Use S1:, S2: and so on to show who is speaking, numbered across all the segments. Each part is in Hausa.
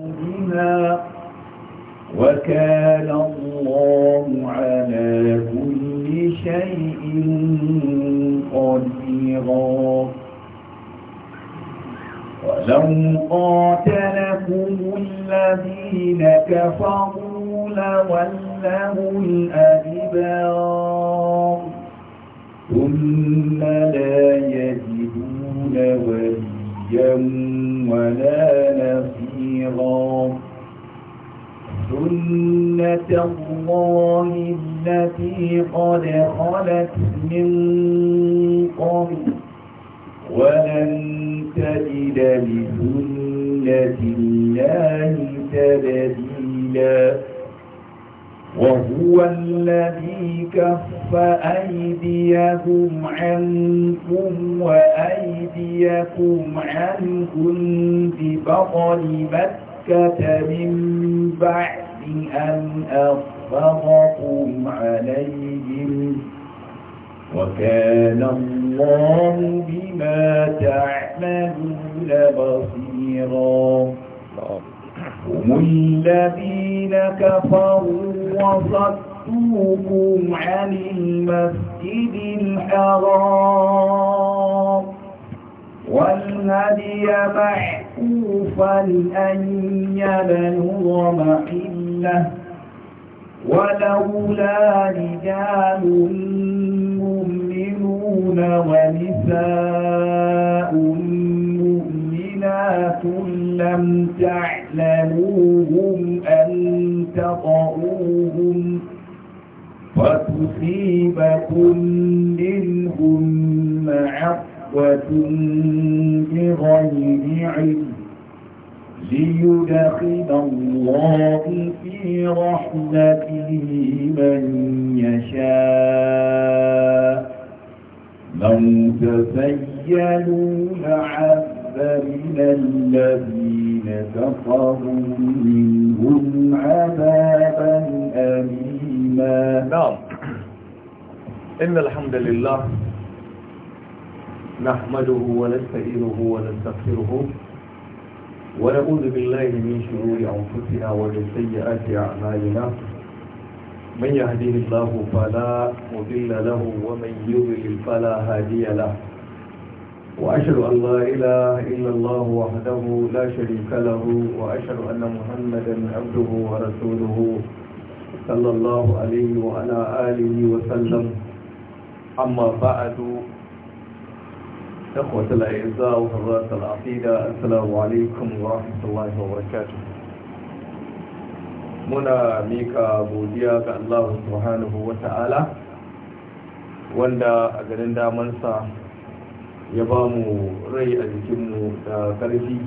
S1: بنا وكان الله على كل شيء قديرا ولو قاتلكم الذين كفروا لولوا الأدبار ثم لا يجدون وليا ولا الله سنة الله التي قد خلت من قبل ولن تجد لسنة الله تبديلاً
S2: وهو
S1: الذي كف أيديهم عنكم وأيديكم عنكم ببطل مكة من بعد أن أخفقكم عليهم
S2: وكان الله
S1: بما تعملون بصيراً هم الذين كفروا وصدوكم عن المسجد الحرام والهدي محكوفا أن يبلغ محله ولولا رجال مؤمنون ونساء ناس لم تعلموهم أن تطعوهم فتصيبكم منهم معقوة بغير علم ليدخل الله في رحمته من يشاء من تسيلوا عبده فإلى الذين كفروا منهم عذابا أليما
S3: نعم إن الحمد لله نحمده ونستعينه ونستغفره ونعوذ بالله من شرور أنفسنا ومن سيئات أعمالنا من يهديه الله فلا مضل له ومن يضلل فلا هادي له وأشهد أن لا إله إلا الله وحده لا شريك له وأشهد أن محمدا عبده ورسوله صلى الله عليه وعلى آله وسلم أما بعد إخوة الأعزاء وحراس العقيدة السلام عليكم ورحمة الله وبركاته muna mika godiya ga Allah subhanahu wa ta'ala wanda a garin damansa ya ba mu rai a jikinmu da ƙarfi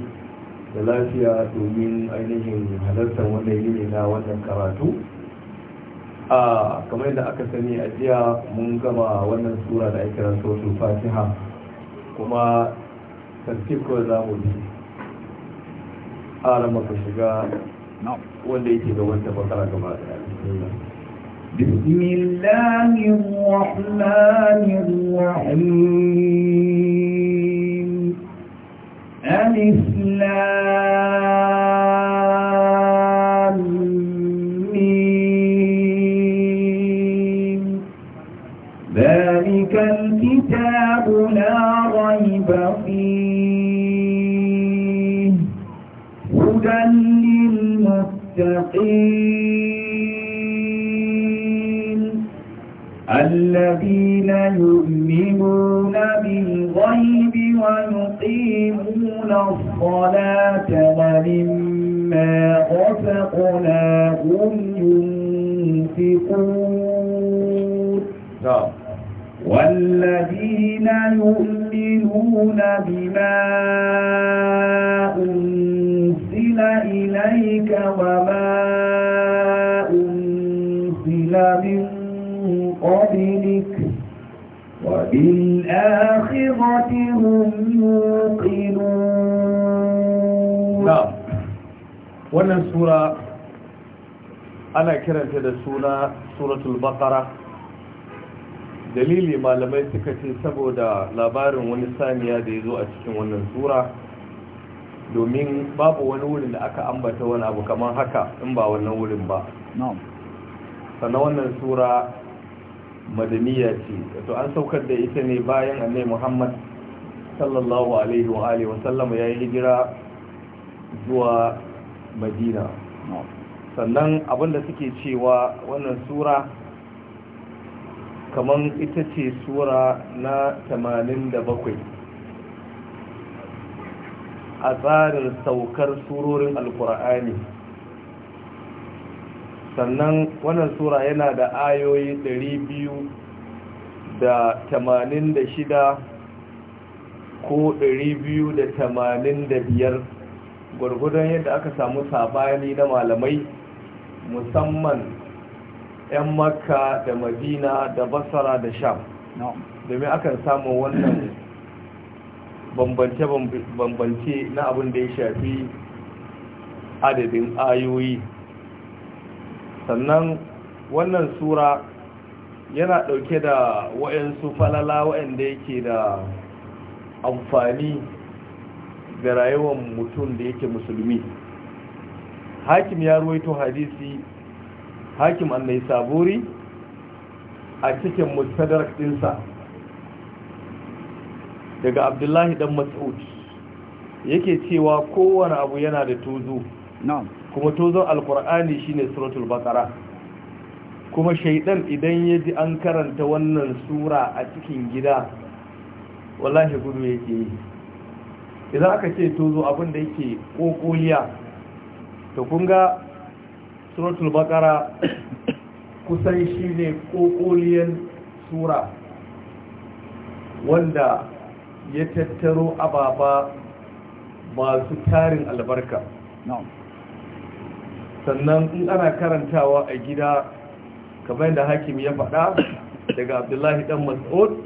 S3: da lafiya domin ainihin halartar wannan yini na wannan karatu a kamar da aka sani a jiya mun gama wannan sura da ake su fatiha kuma tartiko za mu bi a ka shiga wanda yake ga wanda bakara gaba daya بسم
S1: الله الرحمن الرحيم الم ذلك الكتاب لا ريب فيه هدى للمتقين الذين يؤمنون الصلاة ومما رزقناهم ينفقون نعم. والذين يؤمنون بما أنزل إليك وما أنزل من قبلك وبالآخرة هم يوقنون
S3: wannan sura ana kiranta da suna suratul baqara dalili malamai suka ce saboda labarin wani saniya da ya zo a cikin wannan sura domin babu wani wurin da aka ambata wani abu kamar haka in ba wannan wurin ba sannan wannan sura madaniya ce to an saukar da ita ne bayan annai muhammad sallallahu alaihi wa alihi ya yi hijira zuwa madina sannan abinda suke cewa wannan sura kamar ita ce sura na 87 a tsarin saukar surorin alkur'ani sannan wannan sura yana da ayoyi da shida ko 285 gwargwadon yadda aka samu sabani na malamai musamman 'yan makka da madina da basara da sham domin akan samu wannan bambance-bambance na abin da ya shafi adadin ayoyi sannan wannan sura yana ɗauke da wa'yansu falala wa'yanda yake da amfani ga rayuwar mutum da yake musulmi hakim ya ruwaito hadisi hakim annai saburi a cikin mustadrak dinsa daga abdullahi dan mas'ud yake cewa kowane abu yana da tozo kuma tozon alkur'ani shine suratul bakara kuma shaidan idan ya ji an karanta wannan sura a cikin gida wallahi gudu yake yi idan aka ce tozo abin da yake kokoliya to kun ga suratul bakara kusan shi ne kokoliyan sura wanda ya tattaro ababa masu tarin albarka sannan in ana karantawa a gida kamar da hakim ya faɗa daga abdullahi dan mas'ud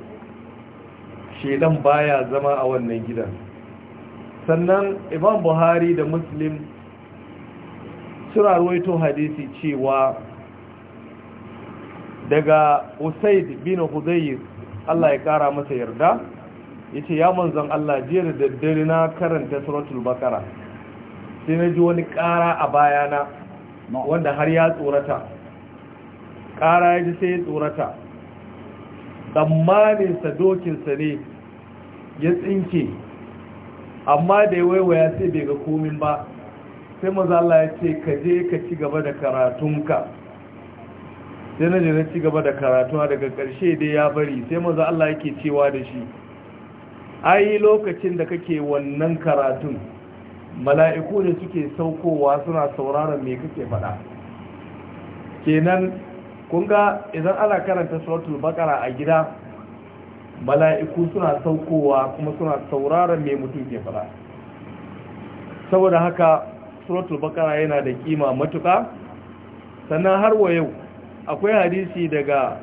S3: shedan baya zama a wannan gidan sannan imam buhari da muslim suna ruwaito hadisi cewa daga usaid bin hudayr Allah ya kara masa yarda ya ce ya manzon Allah jiya da daddare na karanta suratul bakara sai na ji wani kara a bayana wanda har ya tsorata kara ya ji sai ya tsorata tsammaninsa dokinsa ne ya tsinke amma da ya waiwaya sai bai ga komin ba sai maza Allah ya ce ka je ka ci gaba da karatunka sai na ci gaba da karatuwa, daga ƙarshe dai ya bari sai maza Allah ke cewa da shi yi lokacin da kake wannan karatun mala'iku ne suke saukowa suna sauraron me kake faɗa kenan kun ga idan ana karanta suratul baqara a gida Balaiku suna saukowa kuma suna sauraron mai mutum ke fara saboda haka suratul bakara yana da kima matuka sannan har wa yau akwai hadisi daga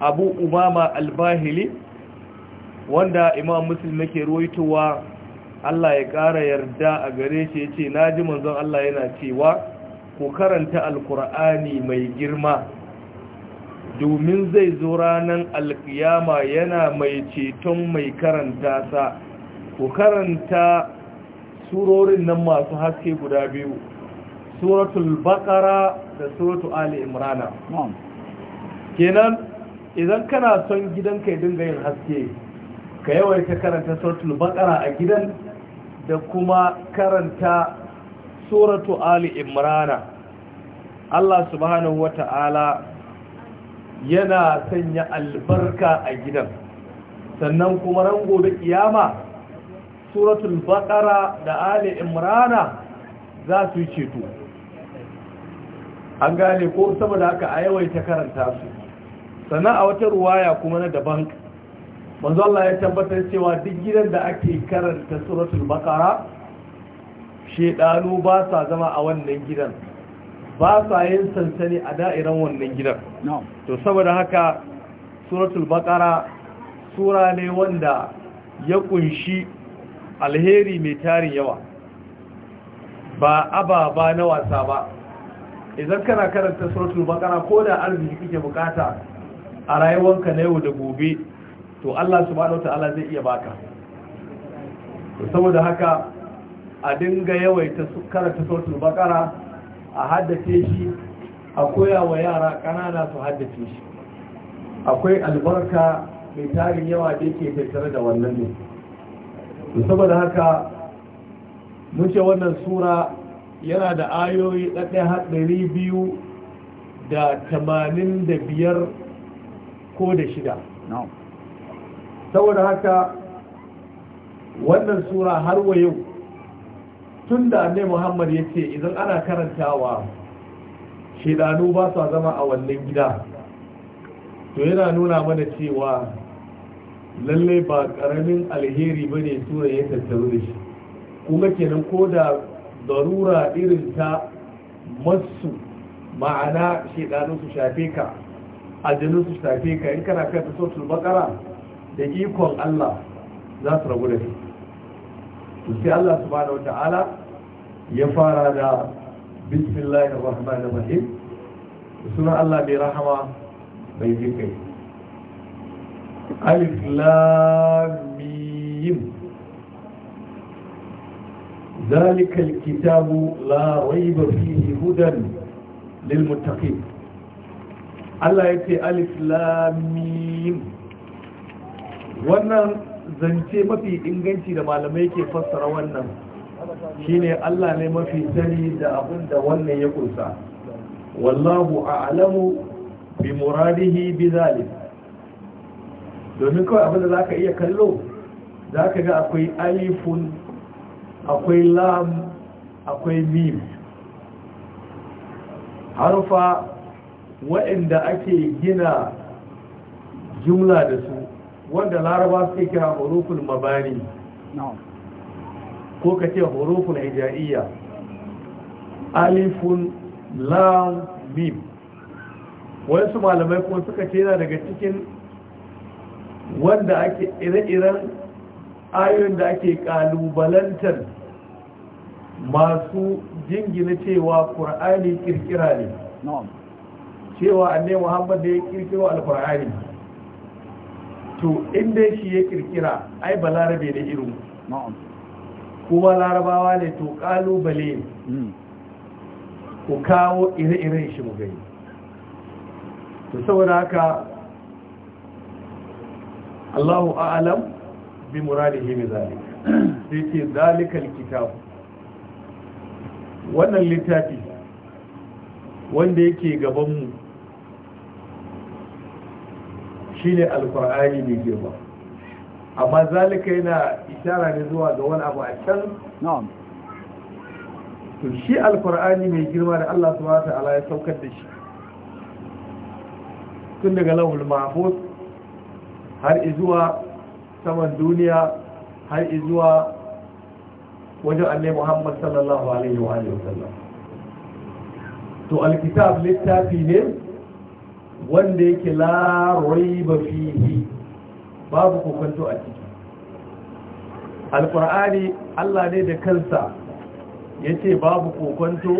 S3: abu umama albahili wanda imam muslim yake ruwaitowa Allah ya ƙara yarda a gare shi ya ce na ji manzon Allah yana cewa ku karanta alkur'ani mai girma domin zai zo ranar alkiyama yana mai ceton mai karanta sa ku karanta surorin nan masu haske guda biyu suratul bakara da suratul ali imrana kenan idan kana son gidan kai dinga yin haske ka yawai ka karanta suratul bakara a gidan da kuma karanta suratul ali imrana Allah subhanahu wa ta'ala yana sanya albarka a gidan sannan kuma ran gobe kiyama suratul baqara da ali imrana za su yi ceto an gane ko saboda haka a yawaita karanta su sannan a wata ruwaya kuma na daban manzo Allah ya tabbatar cewa duk gidan da ake karanta suratul baqara shedanu ba sa zama a wannan gidan ba sa yin sansani a da'iran wannan gidan to saboda haka suratul baqara sura ne wanda ya kunshi alheri mai tarin yawa ba ababa na wasa ba idan kana karanta suratul baqara ko da arziki kake bukata a rayuwarka na yau da gobe to Allah subhanahu wataala zai iya baka to saboda haka a dinga yawaita karanta suratul baqara a haddace shi a koya wa yara ƙanana su haddace shi akwai albarka mai tarin yawa da yake tattare da wannan ne saboda haka mun wannan sura yana da ayoyi ɗaɗɗaya haɗari biyu da tamanin da biyar ko da shida saboda haka wannan sura har wa yau tun da annai muhammad ya ce idan ana karantawa shidanu ba su zama a wannan gida to yana nuna mana cewa lallai ba karamin alheri ba ne tura ya tattaru da shi kuma kenan ko da darura irin ta masu ma'ana shidanu su shafe ka aljanu su shafe ka in kana karanta sautul bakara da ikon allah za su rabu da shi سي الله سبحانه وتعالى يفارا بسم الله الرحمن الرحيم سنة الله برحمة بيذكي ألف لاميم ذلك الكتاب لا ريب فيه هدى للمتقين الله يتي ألف لاميم وَنَنْ zance mafi inganci da malamai ke fassara wannan shine Allah ne mafi sani da abin da wannan ya kunsa wallahu a'lamu bi muradihi bi zalim domin kawai abin da zaka iya kallo zaka ga akwai alifun akwai lam akwai mim harfa waɗanda ake gina jumla da su wanda laraba suke kira huruful mabani ko ka ce huruful hijaiya alifun lam mim wasu malamai kuma suka ce yana daga cikin wanda ake ire-iren ayoyin da ake kalubalantar masu jingina cewa Kur'ani kirkira ne cewa annai muhammad da ya kirkiro alkur'ani to inda shi ya kirkira ai ba larabe ne irin kuma larabawa ne to kalubale hmm. ku kawo ire-iren shi mu gani to saboda haka Allahu alam bi muradihi min zalik sai ce zalikal kitab wannan littafi wanda yake gaban mu shine alkur'ani mai girma amma zalika yana ishara ne zuwa ga wani abu a can to shi alkur'ani mai girma da Allah subhanahu ta'ala ya saukar da shi tun daga lawul mahfuz har izuwa saman duniya har izuwa wajen annabi Muhammad sallallahu alaihi wa sallam to alkitab littafi ne wanda yake la raiba fihi babu kokonto a ciki alqur'ani Allah ne da kansa yace babu kokonto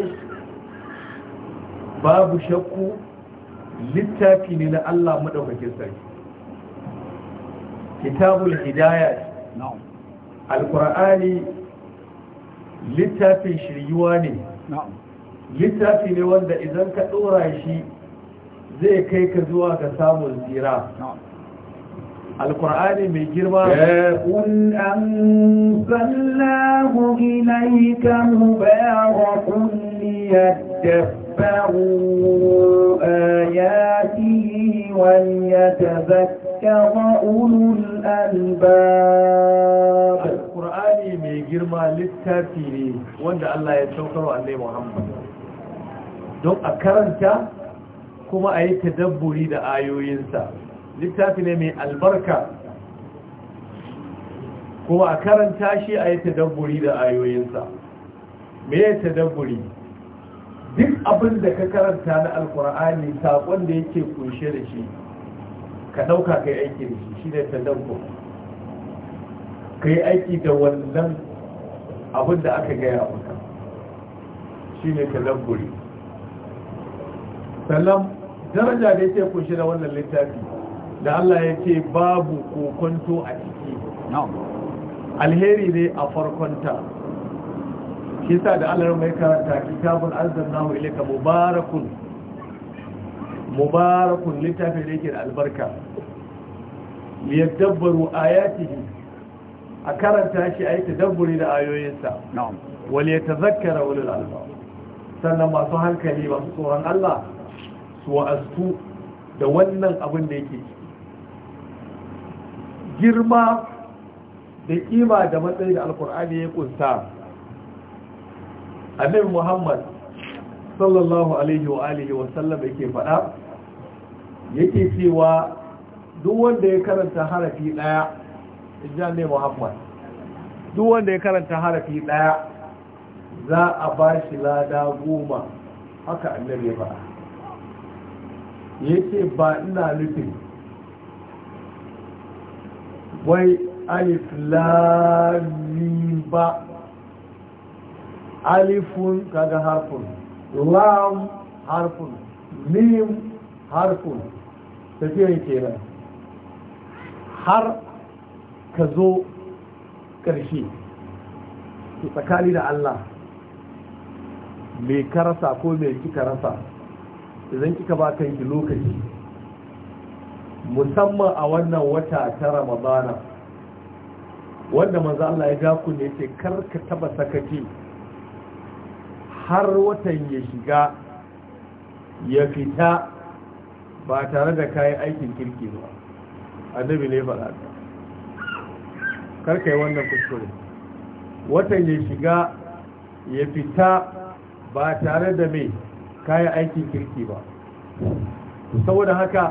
S3: babu shakku littafi ne na Allah madaukakin sarki kitabul hidayah na'am alqur'ani littafin shiryuwa ne littafi ne wanda idan ka dora shi zai kai ka zuwa ga samun zira al-qur'ani mai girma al-qur'ani mai girma littafi ne wanda Allah ya saukar wa Annabi Muhammad don a karanta kuma a yi tadabburi da ayoyinsa littafi ne mai albarka kuma a karanta shi a yi tadabburi da ayoyinsa me ya tadabburi duk abin da ka karanta na alkur'ani saƙon da yake kunshe da shi ka ɗauka ka yi aiki da shi shi ne tadabbur ka yi aiki da wannan abin da aka gaya maka shi ne tadabburi Salam. daraja da yake kunshi da wannan littafi da Allah ya ce babu kokonto a ciki alheri ne a farkonta shi sa da Allah mai karanta kitabun arzannahu ilayka mubarakun mubarakun littafi da yake da albarka ya ayatihi a karanta shi a yi tadabburi da ayoyinsa ta zakkara ulul albab sannan masu hankali ba. tsoron Allah su da wannan abin da yake ciki girma da kima da matsayi da alkur'ani ya kunsa annabi muhammad sallallahu alaihi wa alihi wa sallam yake faɗa yake cewa duk wanda ya karanta harafi ɗaya ijan ne muhammad duk wanda ya karanta harafi ɗaya za a ba shi lada goma haka annabi ya faɗa yake ce ba ina nufin wai alif lamin ba alifun kaga harfun lam harfun mim harfun yake nan. har ka zo ƙarshe tsakani da Allah mai karasa ko mai kika rasa idan kika ba kanki lokaci musamman a wannan wata ta ramadana wanda manzo Allah ya ga ku ne ce karka taba sakaci har watan ya shiga ya fita ba tare da kayi aikin kirki ba annabi ne faɗa karka yi wannan kuskure watan ya shiga ya fita ba tare da mai kayan aikin kirki ba saboda haka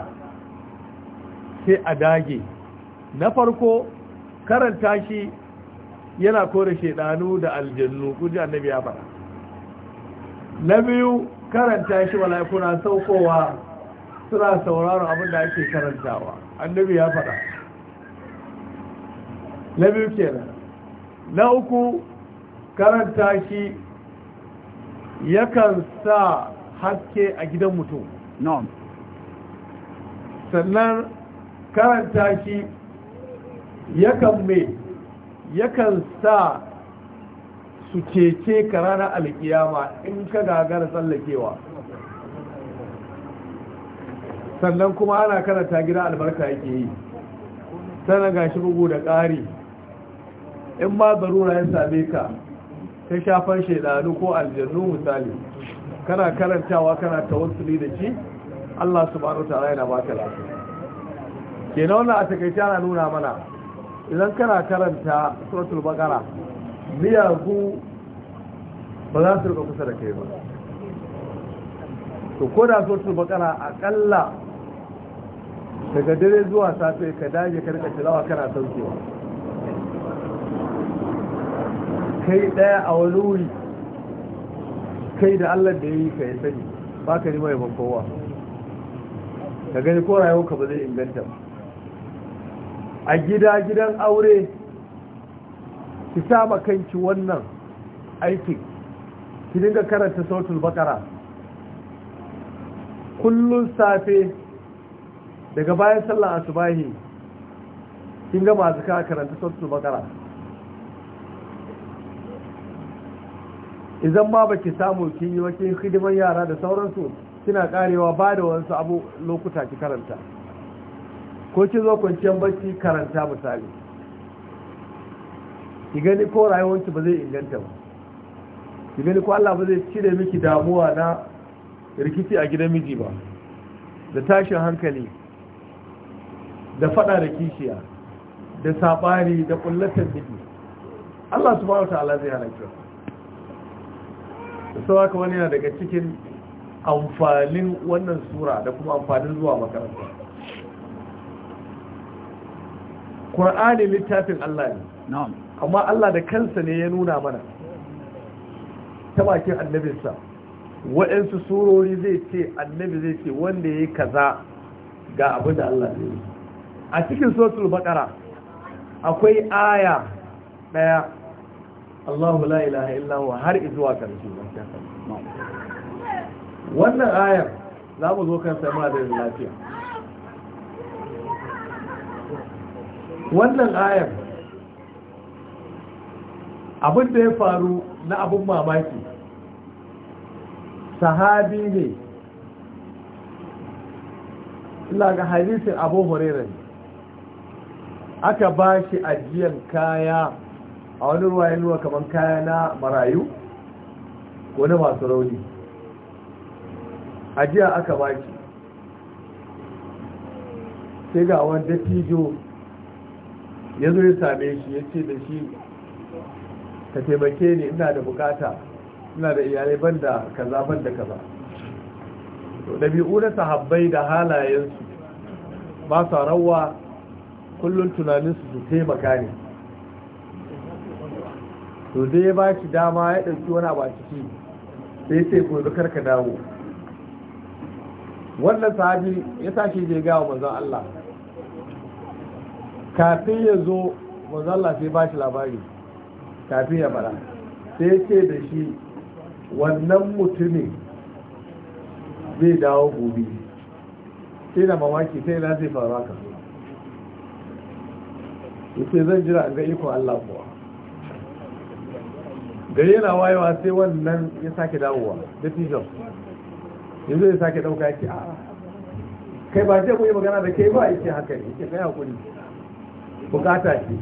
S3: sai a dage na farko karanta shi yana kore shaidanu da aljannu kuji annabi ya faɗa na biyu karanta shi kuna saukowa suna sauraron abin da ake karantawa annabi ya faɗa na biyu kenan na uku karanta shi yakan sa haske a gidan mutum na'am sannan karanta shi yakan me yakan sa su cece ka ranar alkiyama in ka gagara tsallakewa sannan kuma ana karanta gidan albarka yake yi sannan ga shi bugu da ƙari in ma zarura ya same ka ta shafar shaidanu ko aljannu misali kana karantawa kana tawassuli da shi Allah subhanahu ta'ala yana baka lafiya kenan wannan a takaice ana nuna mana idan kana karanta suratul baqara miyagu ba za su rika kusa da kai ba to ko da suratul baqara akalla daga dare zuwa safe ka dage ka rika tilawa kana saukewa kai daya a wani wuri kai da allah da ya yi ka ya sani ba ka nima yaban kowa ka gani ko rayuwarka ba zai inganta ba a gida gidan aure ki sama kanki wannan aikin ki dinga karanta sautul bakara kullun safe daga bayan sallar asubahi kin ga masu karanta sautul bakara idan ma baki samu kin yi wakin hidimar yara da sauransu kina karewa ba da wasu abu lokuta ki karanta ko ki zo kwanciyar bacci karanta misali ki gani ko rayuwarki ba zai inganta ba ki gani ko Allah ba zai cire miki damuwa na rikici a gidan miji ba da tashin hankali da fada da kishiya da sabari da kullatar miji Allah subhanahu wa ta'ala zai halaka sau haka wani yana daga cikin amfanin wannan sura da kuma amfanin zuwa makaranta ƙura'ani littafin Allah ne amma Allah da kansa ne ya nuna mana ta bakin annabinsa waɗansu surori zai ce annabi zai ce wanda ya yi kaza ga abu da Allah ne a cikin sotul bakara akwai aya ɗaya Allahu la ilaha illa huwa har izuwa karshe wannan ayar za mu zo kan sama da lafiya wannan ayar abin da ya faru na abin mamaki sahabi ne ila ga hadisin abu ne. aka ba shi ajiyar kaya a wani ruwa ya nuna kamar kaya na marayu ko na masu rauni ajiya aka baki sai ga wani dattijo ya zo ya same shi ya ce da shi ka taimake ni ina da bukata ina da iyalai ban da kaza ban da kaza ɗabi'u na sahabbai da halayensu ba sa rawa kullum tunaninsu su taimaka ne to zai ya ba shi dama ya ɗauki wani abu a ciki sai sai gobe karka dawo wannan sahabi ya tashi je gawa manzon Allah kafin ya zo manzon Allah sai ba shi labari kafin ya bara sai ce da shi wannan mutumin zai dawo gobe sai na mamaki sai na zai faru haka yace zan jira an ga ikon Allah kuwa gari yana wayewa sai wannan ya sake dawowa da tijon yanzu ya sake dauka yake a kai ba zai kuyi magana da kai ba yake haka ne yake kai hakuri bukata ce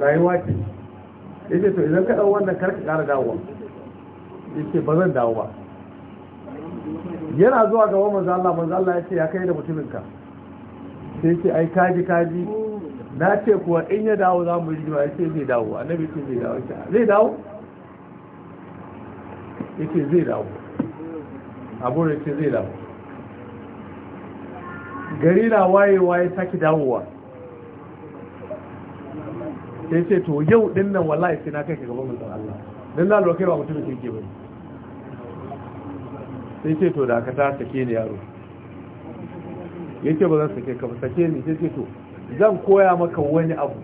S3: rayuwa ce yake to idan ka dawo wannan karka kara dawowa yake ba zan dawo ba yana zuwa gaba manzo Allah manzo Allah ya ce ya kai da mutuminka sai ce ai kaji kaji na ce kuwa in ya dawo za mu rigima ya ce zai dawo annabi ce zai dawo zai dawo yake zai dawo abun yake zai dawo gari na wayewa ya sake dawowa sai ce to yau din nan wallahi sai na kai ka gaban mutum Allah dan na lokai ba mutum ke ke bane sai ce to da aka ta sake ni yaro yake ba zan sake ka ba sake ni sai ce to zan koya maka wani abu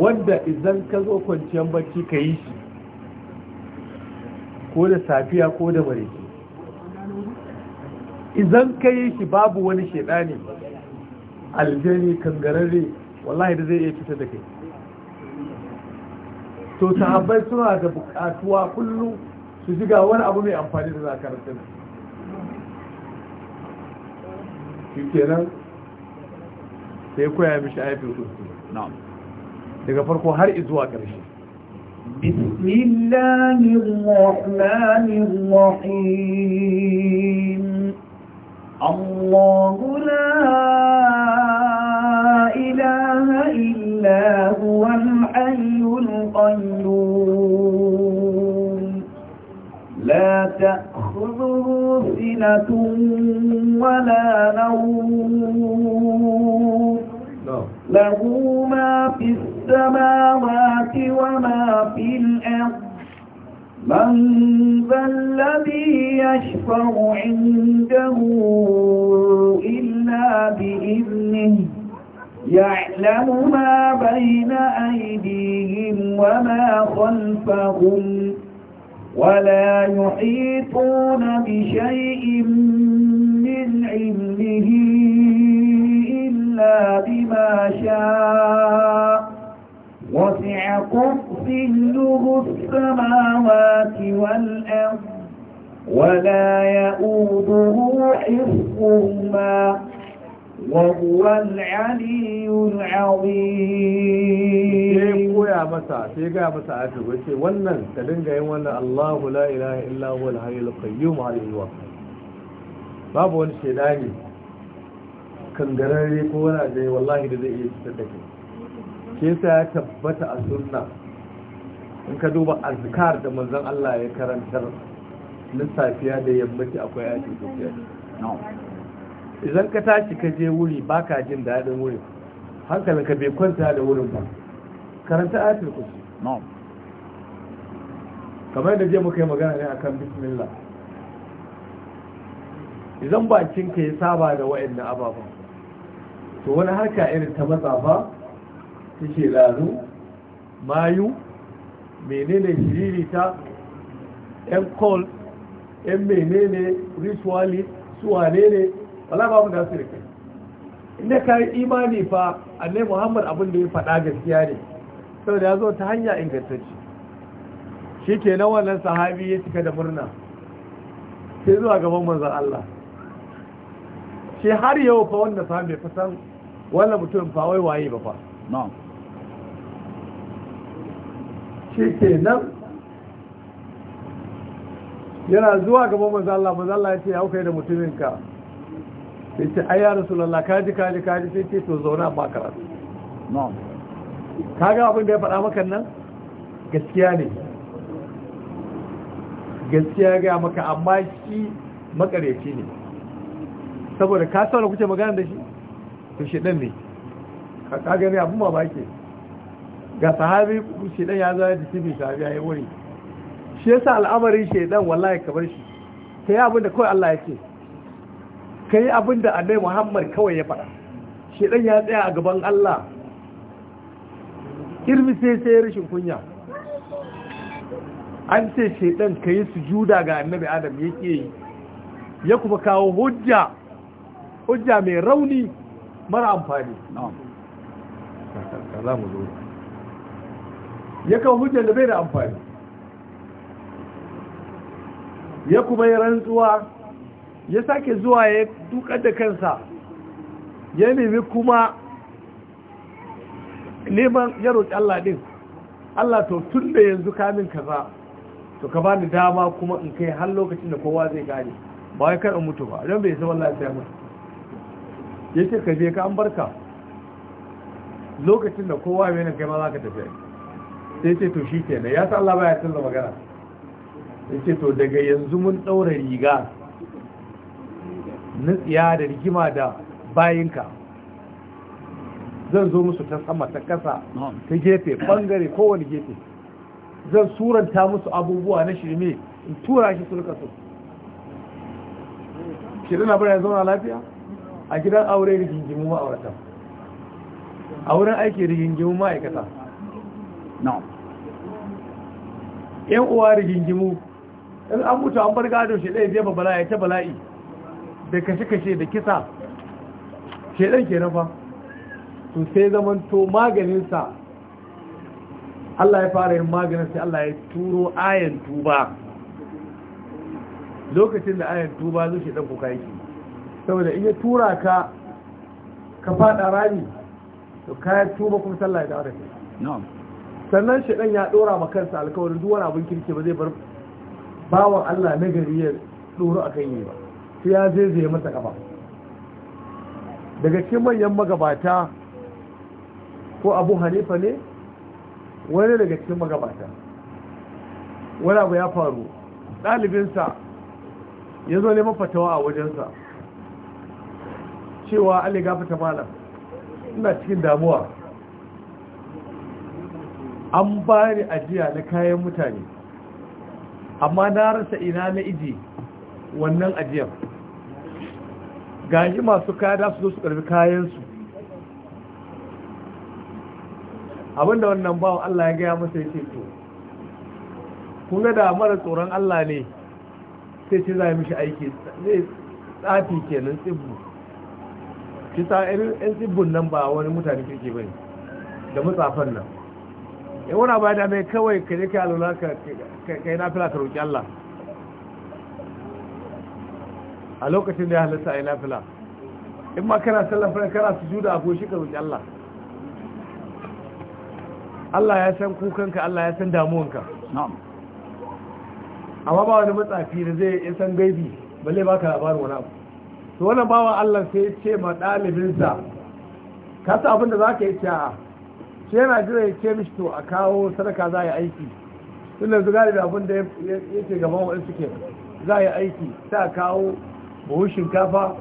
S3: wanda idan ka zo kwanciyar bacci ka yi shi ko da safiya ko da mareki idan ka yi shi babu wani shaidani aljani kangararre wallahi da zai iya fita da kai to sahabbai suna da bukatuwa kullum su jiga wani abu mai amfani da zakaratun shi kenan sai koya mishi ayatul kursi daga farko har izuwa ƙarshe
S1: بسم الله الرحمن الرحيم الله لا إله إلا هو الحي القيوم لا تأخذه سنة ولا نوم له ما في السماوات وما في الأرض من ذا الذي يشفع عنده إلا بإذنه يعلم ما بين أيديهم وما خلفهم ولا يحيطون بشيء من علمه إلا بما شاء وسع كرسيه السماوات والأرض ولا يؤوده حفظهما
S3: وهو العلي العظيم sai eh, koya masa sai ga masa a tafi wannan ka dinga yin wannan Allahu la ilaha illa huwa al-hayyul qayyum alayhi wa babu wani shedani kangararre ko wani ajayi wallahi da zai iya cutar da ke ke sa ya tabbata a sunna in ka duba azkar da manzan Allah ya karantar na safiya da yammaci akwai yakin tafiya idan ka tashi ka je wuri baka jin daɗin wurin ka bai kwanta da wurin ba karanta ayatul kursi kamar da je muka yi magana ne akan bismillah idan bakinka ya saba da wa'annan ababen to wani harka irin ta matsafa ta lalu mayu menene shiririta yan kol yan menene rituali suwane ne wala ba mu da su rikai inda ka yi imani fa annai muhammad abin da ya faɗa gaskiya ne da ya zo ta hanya ingantacci shi ke na wannan sahabi ya cika da murna sai zuwa gaban manzan Allah shi har yau fa wanda sahabi ya fi san wannan mutum fa wai waye ba fa na'am
S2: shi ke nan
S3: yana zuwa gaban mazalla mazalla ya ce ya kai da mutuminka sai ce ayya rasulallah kaji kaji kaji sai ce to zauna ba karatu kaga abin da ya faɗa maka nan gaskiya ne gaskiya ga maka amma shi makareci ne saboda ka sauna kuke magana da shi to shedan ne ka gani abin baki. ga sahabi shedan ya zai jiki mai sahabi ya yi wuri shi yasa al'amarin shedan wallahi ka bar shi ka yi abin da kawai Allah ya ce ka yi abin da annai muhammad kawai ya faɗa shedan ya tsaya a gaban Allah irmi sai sai rashin kunya an ce shedan ka yi su juda ga annabi adam ya ke yi ya kuma kawo hujja hujja mai rauni mara amfani yakan hujjar da bai da amfani ya kuma yi rantsuwa ya sake zuwa ya dukar da kansa ya nemi kuma neman ya roƙi Allah ɗin Allah to tun da yanzu kamin kaza to ka ba ni dama kuma in kai har lokacin da kowa zai gane ba ya kan mutu ba don bai zama lafiya mutu ya ce ka je ka an barka lokacin da kowa mai nan kai ma za ka tafiya sai ce to shi kenan ya sa Allah baya canza magana ya ce to daga yanzu mun ɗaura riga nutsiya da rigima da bayinka zan zo musu ta sama ta kasa ta gefe ɓangare kowane gefe zan suranta musu abubuwa na shirme in tura shi sulka su shirin abin ya zauna lafiya a gidan aure rigingimu ma'auratan, a wurin aiki rigingimu ma'aikata na yan uwa rigingimu in an mutu an bar gado shi ɗaya zai bala'i ta bala'i da kashe-kashe da kisa shi ɗan ke nafa su sai zaman to maganinsa Allah ya fara yin maganin sai Allah ya turo ayan tuba lokacin da ayan tuba zuwa ɗan kuka yake saboda in ya tura ka ka fada rami to ka tuba kuma sallah ya dawo da kai sannan shaɗan ya ɗora ma kansa alkawarin duk wani abin kirki ba zai bar bawan Allah na gari ya ɗoro a kan yi ba sai ya zai zai masa ƙafa. daga cikin manyan magabata ko abu hanifa ne wani daga cikin magabata wani abu ya faru ɗalibinsa ya zo neman fatawa a wajensa cewa allah gafata malam ina cikin damuwa an ba ajiya na kayan mutane amma na rasa ina na iji wannan ajiyar gaji masu kada su zo su karbi kayansu abinda wannan bawan Allah ya gaya masa ya ce to kun da mara tsoron Allah ne sai ce za mishi aiki zai tsafi kenan tsibbu kisa irin yan tsibbin nan ba wani mutane kirki bane da mutsafan nan ya wani ba da mai kawai ka je ka alula ka yi nafila ka roƙi Allah a lokacin da ya halitta a yi nafila in ma kana sallafar kana su juda a goshi ka roƙi Allah Allah ya san kukanka Allah ya san damuwanka amma ba wani matsafi da zai san gaibi balle ba ka labarin wani abu to wani bawa Allah sai ya ce ma ɗalibinsa ka abin da za ka yi ce ce yana jira ya ce mishi to a kawo sadaka za a yi aiki tun da zuga da abin da ya ce gaban waɗansu suke za a yi aiki sai a kawo buhun shinkafa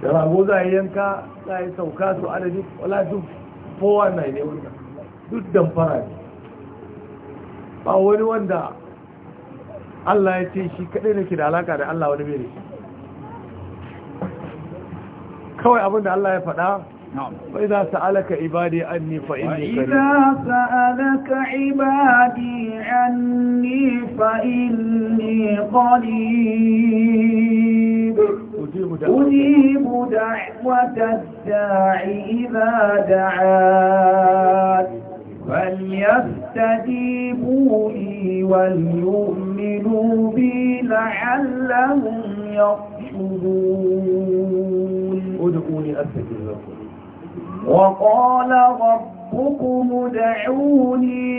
S3: da rago za a yi yanka za a yi sauka su adadi wala duk kowa na ne wanda duk damfara ne ba wani wanda Allah ya ce shi kaɗai nake da alaka da Allah wani bai da shi kawai abin da Allah ya faɗa وإذا سألك عبادي أني فإني قريب وإذا
S1: سألك عبادي عني فإني قريب أجيب دعوة الداعي إذا دعات فليستجيبوا لي وليؤمنوا بي لعلهم يرشدون ادعوني أستجب لكم وقال ربكم ادعوني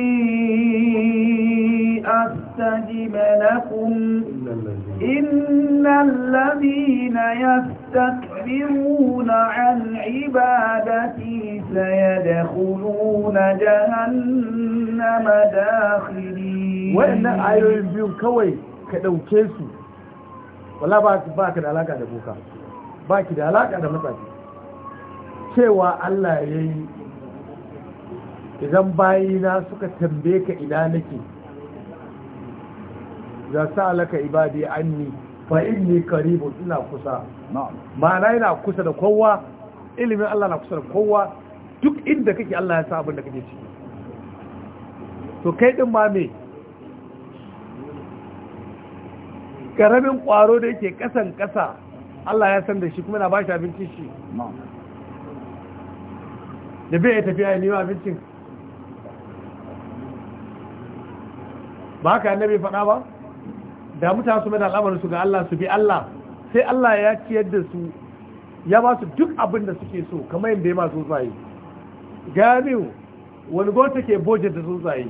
S1: أستجب لكم إن الذين يستكبرون عن عبادتي سيدخلون جهنم داخلين وإن أيوة
S3: بيوم كوي كدوكيسو ولا باك باك العلاقة دبوكا ba ki da alaƙa da matsafi cewa Allah ya yi idan bayina suka tambe ka ina nake za sa alaka ibadi anni fa inni karibu ina kusa ma'ana ina kusa da kowa ilimin Allah na kusa da kowa duk inda kake Allah ya sa abin da kake ciki to kai din ma me karamin kwaro da yake kasan kasa Allah ya san da shi kuma na ba shi abincin shi da bai ya tafiya ya nima abincin ba haka bai faɗa ba da mutane su mai da su ga Allah su bi Allah sai Allah ya ciyar da su ya ba su duk abin da suke so kamar yadda ya ma tsuntsaye gani wani gota ke bojar da tsuntsaye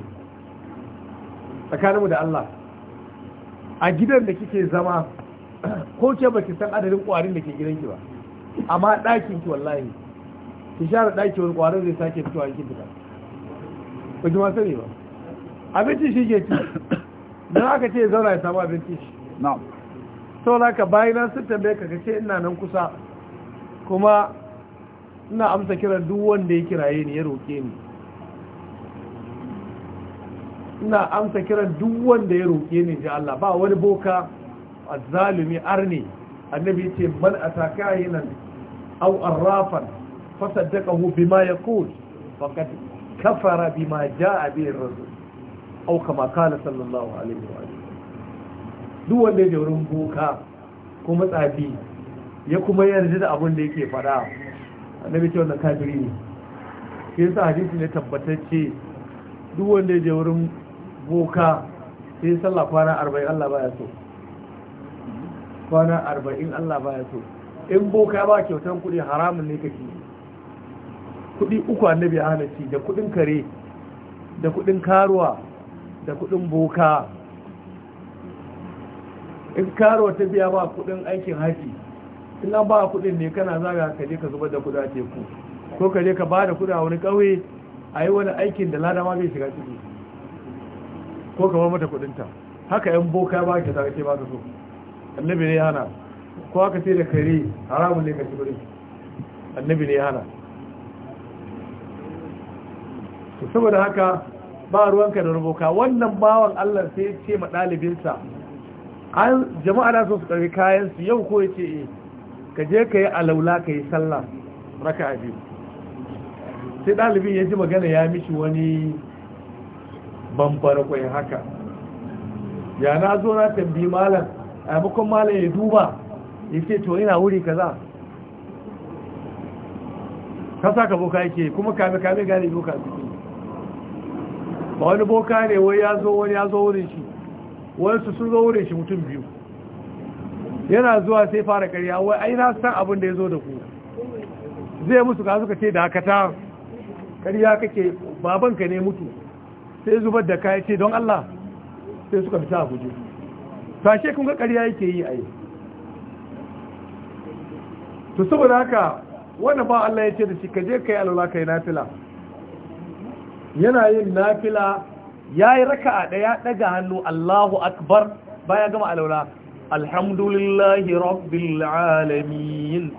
S3: tsakaninmu da Allah a gidan da kike zama ko ce ba ki san adadin kwarin da ke gidanki ba amma ɗakin ki wallahi ki share ɗaki wani kwarin zai sake fitowa yankin fita ba ki ma sani ba abinci shi ke ci don aka ce zauna ya samu abinci shi na sau na ka bayan na sun tambaye ka kace ina nan kusa kuma ina amsa kiran duk wanda ya kiraye ni ya roƙe ni ina amsa kiran duk wanda ya roƙe ni ji Allah ba wani boka azzalimi arni annabi ce man ataka hinan aw arrafan fasaddaqahu bima yaqul faqad kafara bima jaa bihi ar-rasul aw kama qala sallallahu alaihi wa alihi duk wanda ya wurin boka kuma tsafi ya kuma yarda da abin da yake fada annabi ce wannan kafiri ne shi yasa hadisi ne tabbatacce duk wanda ya wurin boka sai sallah kwana 40 Allah baya so kwana arba'in Allah ba ya so in boka ba kyautan kudi haramun ne kake kudi uku annabi ya hana ci da kudin kare da kudin karuwa da kudin boka in karuwa ta biya ba kudin aikin haji in an ba kuɗin ne kana zaga ka je ka zubar da kuda teku ko ka je ka ba da kuda wani kauye a yi wani aikin da ladama ma bai shiga ciki ko ka bar mata kudinta haka yan boka ba ke zaga ce ba ka so annabi ne hana ko aka ce da kare haramun ne ka ci bari annabi ne hana saboda haka ba ruwanka da ruboka wannan bawan Allah sai ya ce ma ɗalibinsa an jama'a da su su karbi kayan su yau ko ya ce eh ka je ka yi alaula ka yi sallah raka a biyu sai ɗalibin ya ji magana ya mishi wani bambara haka ya na zo na tambi malam a yamakon malam ya duba ya ce to ina wuri kaza ka sa ka boka yake kuma kame kame gane boka suke ba wani boka ne wai ya zo wani ya zo wurin shi wani su sun zo wurin shi mutum biyu yana zuwa sai fara karya wai ai na san abin da ya zo da ku zai musu ka suka ce dakata. haka karya kake babanka ne mutu sai zubar da kaya ce don Allah sai suka fita a guje sashe ashe kun ga ƙarya yake yi a yi to saboda haka wanda ba Allah ya ce da shi ka je ka yi alwala ka yi nafila yana yin nafila ya yi raka a ɗaya ɗaga hannu Allahu akbar baya gama alwala alhamdulillahi rabbil alamin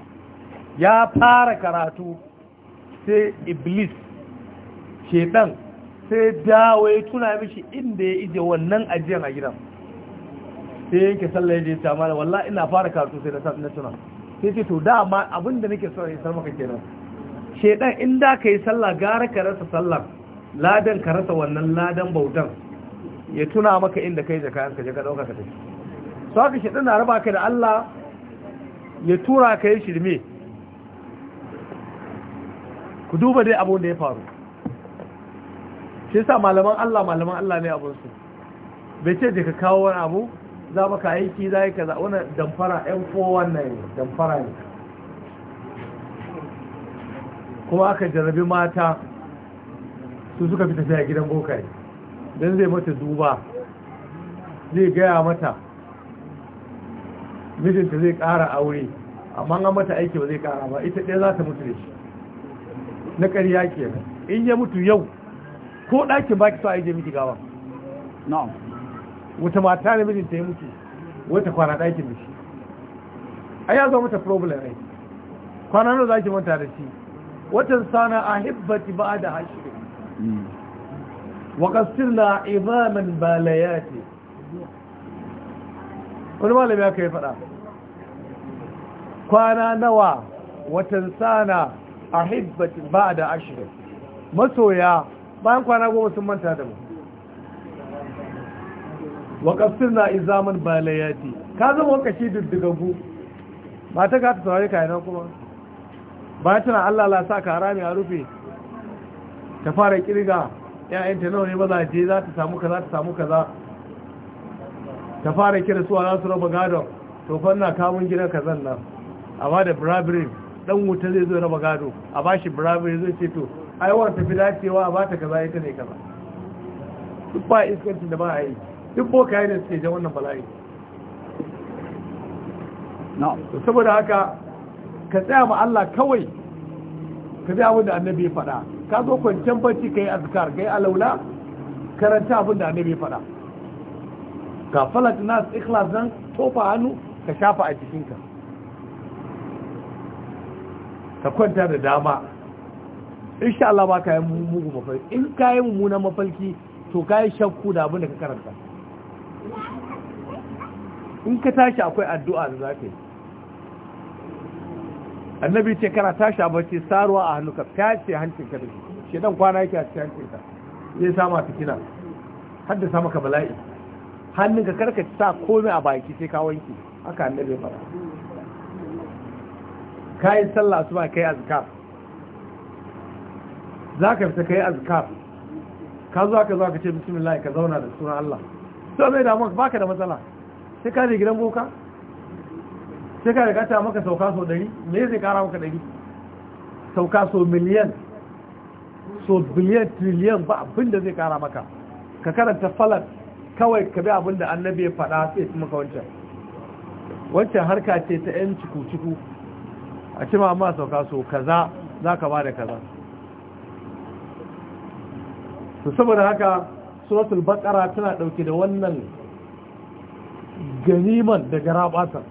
S3: ya fara karatu sai iblis shedan sai dawo ya tuna mishi inda ya ije wannan ajiyar a gidan sai yanke sallah ya je ta da wallahi ina fara karatu sai na sa na tuna sai ce to dama abinda nake so ya sar maka kenan shedan in da ka yi sallah gara ka rasa sallah ladan ka rasa wannan ladan bautan ya tuna maka inda kai da kayan ka je ka dauka ka tafi so haka shedan na raba ka da Allah ya tura ka yi shirme ku duba dai abun da ya faru shi sa malaman Allah malaman Allah ne abun su bai ce je ka kawo wani abu za maka aiki za yi kaza wani damfara yan fowar na damfara ne kuma aka jarabi mata su suka fi tafiya gidan bokai. don zai mata duba zai gaya mata mijinta zai kara aure amma an mata aiki ba zai ƙara ba ita ɗaya za ta mutu da shi na ƙarya ke in ya mutu yau ko ɗakin ba ki so a yi je gawa wata mata ne mijinta ya mutu wata kwana ɗakin da shi a ya zama mata problem ai kwana nan za ki manta da shi watan sana a hibbati ba da hashirin wa imanin izaman balayati wani malami ka yi faɗa kwana nawa watan sana a hibbati ba da ashirin masoya bayan kwana goma sun manta da mu wa na izamin balayati ka zama kashi diddigagu ba ta ka ta saurari ka yana kuma ba tana Allah la sa ka rami a rufe ta fara kirga ‘ya'yanta nawa ne ba za ta samu kaza ta samu kaza ta fara kira suwa za su raba gado tofan na kamun gidan kazan nan a ba da birabirin dan wuta zai zo raba gado a ba shi birabirin zai ce to aiwar tafi dacewa a ba ta kaza ita ne kaza duk ba iskancin da ba a yi duk boka yana suke jan wannan bala'i saboda haka ka tsaya ma Allah kawai ka bi abin da annabi ya faɗa ka zo kwanciyar bacci ka yi azkar ka yi alaula karanta abin da annabi ya faɗa ka falak nas ikhlas nan tofa hannu ka shafa a jikinka ka kwanta da dama insha Allah ba ka yi mugu mafarki in ka yi mummunan mafarki to ka yi shakku da abin da ka karanta in ka tashi akwai addu'a da za ka yi annabi ce kana tashi a bacci saruwa a hannuka fiye ce hancinka da shi Shi shedan kwana yake a cikin hancinka zai sama hadda haddasa maka bala'i hannunka karka sa komai a baki sai ka wanke haka annabi fara yi sallah su ba yi azkar za ka fita ka yi azkar ka zuwa ka zuwa ka ce bismillah ka zauna da sunan Allah sai mai damuwa baka da matsala sai ka gidan boka sai ka riga ta maka sauka so ɗari me zai kara maka ɗari sauka so miliyan so biliyan triliyan ba abin da zai kara maka ka karanta falak kawai ka bi abin da annabi ya faɗa sai kuma ka wancan wancan harka ce ta yan ciku-ciku a ci ma sauka so kaza za ka ba da kaza su saboda haka suratul bakara tana ɗauke da wannan ganiman da garabatar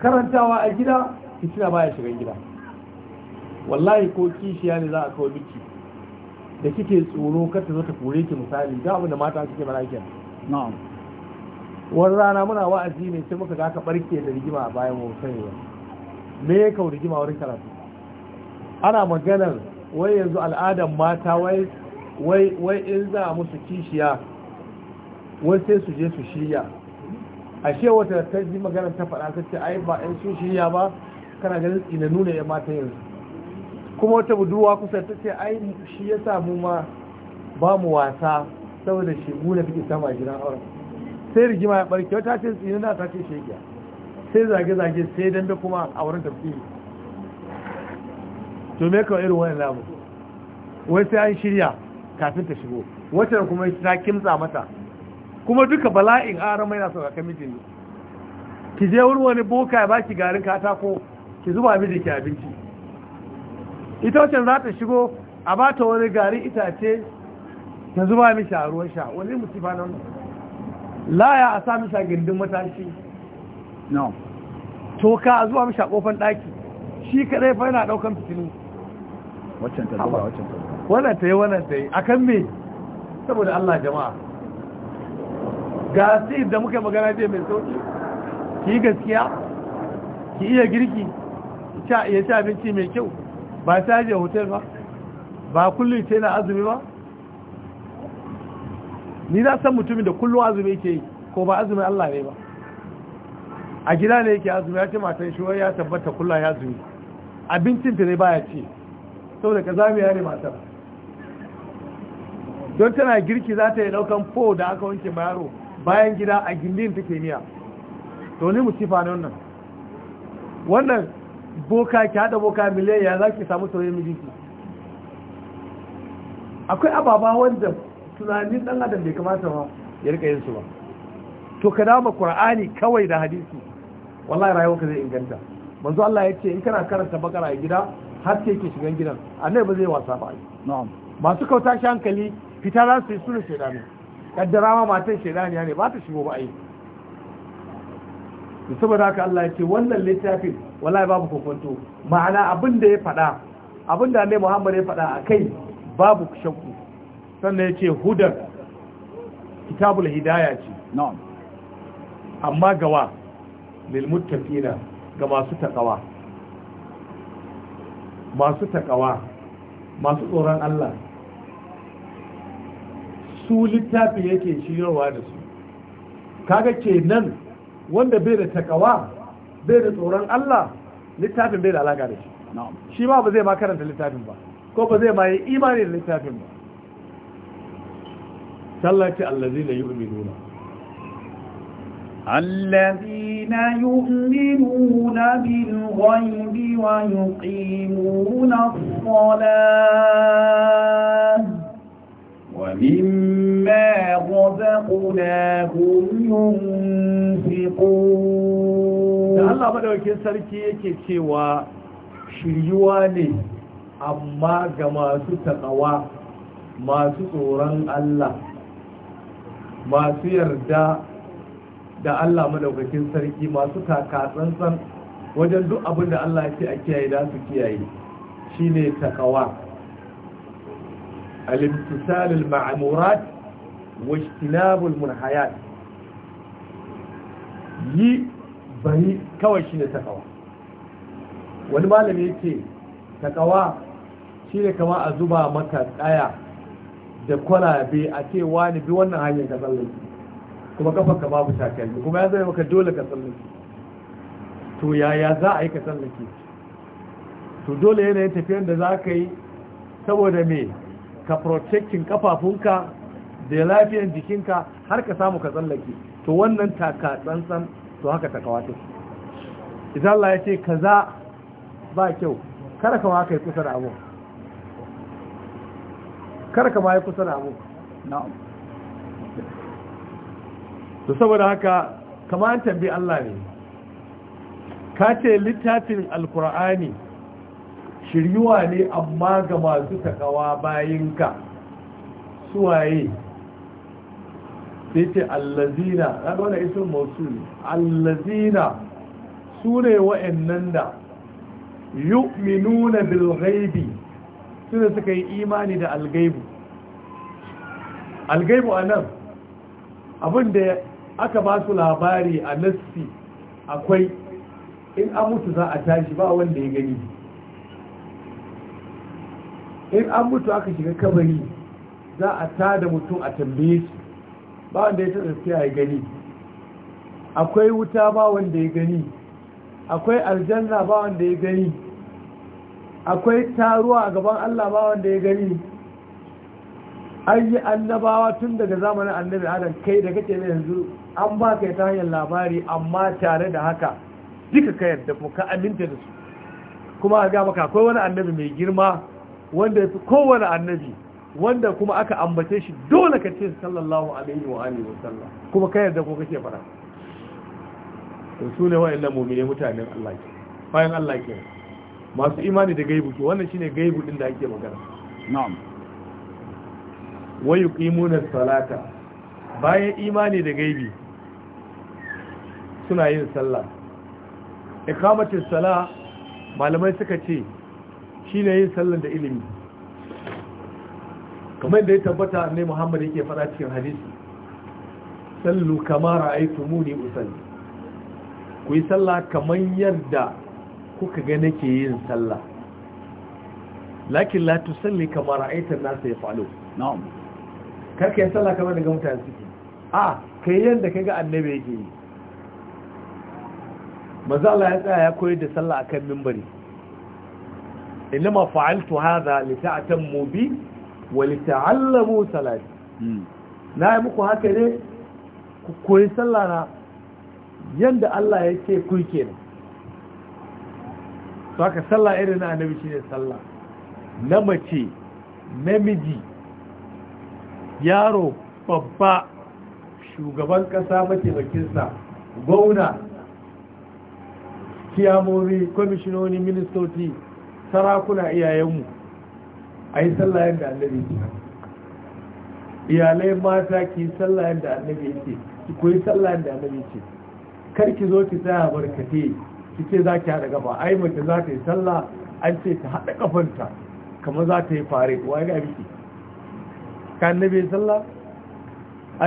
S3: karantawa a gida fitina baya shigan gida wallahi ko kishiya ne za a kawo miki da kike tsoro kar ta zo ta kore ki misali ga abin da mata suke mana wani rana muna wa'azi ne sai muka ga ka barke da rigima a bayan hoton yau me ya kawo rigima wurin karatu ana maganar wai yanzu al'adar mata wai wai in za a musu kishiya wai sai su je su shirya A ashe wata ta ji magana ta faɗa ta ce ai ba ɗan sun shirya ba kana ganin ina nuna ya mata yanzu kuma wata budurwa kusa ta ce ai shi ya samu ma ba mu wasa saboda shi shegu da kake sama gidan auren sai rigima ya barke wata ce ina na ta ce shege sai zage-zage sai dan da kuma a wurin tafsiri to me ka irin wannan labu wai sai an shirya kafin ta shigo wata kuma ta kimtsa mata kuma duka bala'in aran mai na son a mijin ne ki je wuri wani boka ya ki garin katako ki zuba miji ki abinci ita wacce za ta shigo a ba ta wani garin itace ta zuba mishi a ruwan sha wani musifa nan laya a sa mishi a gindin matashi no toka a zuba mishi a kofan daki shi kadai fa yana daukan fitilu wacce ta zuba wacce ta wannan ta yi wannan ta yi akan me saboda Allah jama'a ga su da muka magana ce mai sauki ki yi gaskiya ki iya girki ya ci abinci mai kyau ba ta je hotel ba ba kullum ce na azumi ba ni na san mutumin da kullum azumi ke yi ko ba azumin Allah ne ba a gida ne yake azumi ya ce matan shi ya tabbata kullum ya azumi abincin ta ne ya ce. saboda ka zami ya ne matar don tana girki za ta yi daukan fo da aka wanke ma yaro bayan gida a gindin take miya to mu cifa ne wannan wannan boka ki hada boka miliyan ya zaki samu miji mijinki akwai ababa wanda tunanin dan adam bai kamata ba ya rika yin su ba to ka dama qur'ani kawai da hadisi wallahi rayuwarka zai inganta manzo Allah ya ce in kana karanta bakara a gida har sai ke shigan gidan annabi ba zai wasa ba na'am masu kauta shi hankali fita za su yi suna shedanu kaddara ma matan shaidaniya ne ba ta shigo ba ai saboda haka Allah ya ce wannan littafin wallahi babu kokonto ma'ana abin da ya faɗa abin da Annabi Muhammad ya faɗa akai babu shakku sannan ya ce hudar kitabul hidaya ce na'am amma gawa lil muttaqina ga masu takawa masu takawa masu tsoron Allah su littafi yake shirarwa da su kaga ke nan wanda bai da takawa bai da tsoron Allah littafin bai da alaka da shi shi ma ba zai ma karanta littafin ba ko ba zai ma yi imani da littafin ba sallaci allazi da yu'minuna الذين
S1: يؤمنون بالغيب ويقيمون الصلاة ومما رزقناهم ينفقون الله
S3: مدوكين سركي yake cewa shiryuwa ne amma ga masu takawa masu tsoron Allah masu yarda da Allah madaukakin sarki masu taka tsantsan wajen duk abin da Allah ya ce a kiyaye da su kiyaye shine takawa الامتثال المعمورات واجتناب المنحيات yi bari kawai shi ne takawa wani malami yake takawa shi ne kama a zuba maka tsaya da kwalabe a ce wani bi wannan hanyar ka tsallaki kuma kafanka babu takalmi kuma ya zai maka dole ka tsallaki to yaya za a yi ka tsallake to dole yanayin tafiyar da za ka yi saboda me ka protectin kafafunka da lafiyan jikinka har ka samu ka tsallake to wannan taka tsantsan to haka ta kawata. idan Allah ya ce kaza ba kyau kar ka ma kai kusa da abu Kar ka ma yi kusa da abu na'am to saboda haka kamar an tambayi Allah ne ka ce littafin alkur'ani shiryuwa ne amma ga masu takawa bayinka suwaye sai ce allazina ranar wani isin ne allazina su ne wa'annan da yu'minuna bil su ne suka yi imani da algaibu algaibu a nan abinda aka ba su labari a nassi akwai in an za a tashi ba wanda ya gani in an mutu aka shiga kabari za a tada mutum a tambaye su. ba wanda ya taɓa sai ya gani akwai wuta ba wanda ya gani akwai aljanna ba wanda ya gani akwai taruwa a gaban Allah ba wanda ya gani an yi annabawa tun daga zamanin annabi adam kai da kake yanzu an ba ka ta hanyar labari amma tare da haka duka ka yadda ka aminta da su kuma a ga maka akwai wani annabi mai girma wanda ya fi kowane annabi wanda kuma aka ambace shi dole ka ce sallallahu alaihi wa alihi wasallam kuma ka yadda ko kake fara to su ne wa'annan mu'mini mutanen Allah ke bayan Allah ke masu imani da gaibu ke wannan shine gaibu din da ake magana na'am wa yuqimuna salata bayan imani da gaibi suna yin sallah iqamatu sala malamai suka ce Shi ne yin sallar da ilimi kamar da ya tabbata ne muhammad yake faɗa cikin hadisi sallu kamar a yi ra'aytumuni usalli ku yi salla kamar yadda kuka ga nake yin salla. lakin salli kamar kama ra'aytan nasa ya falo karka yi salla kamar daga mutane suke a yi yadda ka ga annabe yake yi manzo Allah ya tsaya ya koyar da a akan mimbari. إنما فعلت هذا لتعتموا بي ولتعلموا صلاتي نائمكم هكذا كوي سلانا يند الله يكي كوي كينا سواك سلا إرنا نبي شيء سلا نمتي namiji yaro babba shugaban kasa mataimakinsa gwamna kiyamomi kwamishinoni ministoci sarakuna iyayenmu a yi sallah yadda annabi ke iyalai mata ki yi sallah yadda annabi ce ki koyi sallah yadda annabi ce kar ki zo ki tsaya barkate ki ce za ki haɗa gaba ai mace za ta yi sallah an ce ta haɗa kafanta kamar za ta yi fare wa ga biki ka annabi sallah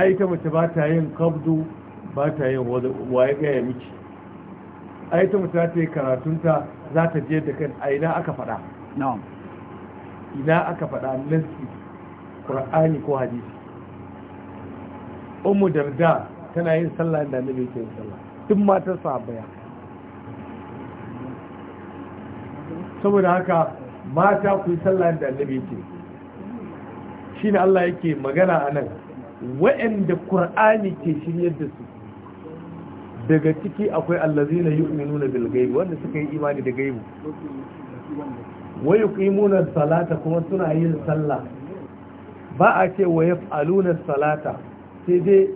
S3: ai ita mace ba ta yin kabdu ba ta yin wa ya gaya miki ai ta mutu ta yi karatunta za ta je da kan a ina aka faɗa ina aka faɗa nasi ƙur'ani ko hadisi umu darda tana yin sallah da nabi ke yin sallah duk matan sahabbai saboda haka mata ku yi sallah da annabi ke shine Allah yake magana anan wa'anda Qur'ani ke shiryar da su daga ciki akwai yi yu'minuna nuna ghaib wanda suka yi imani da gaibu wa yuqimuna salata kuma suna yin sallah ba a ce wa yaf'aluna salata sai dai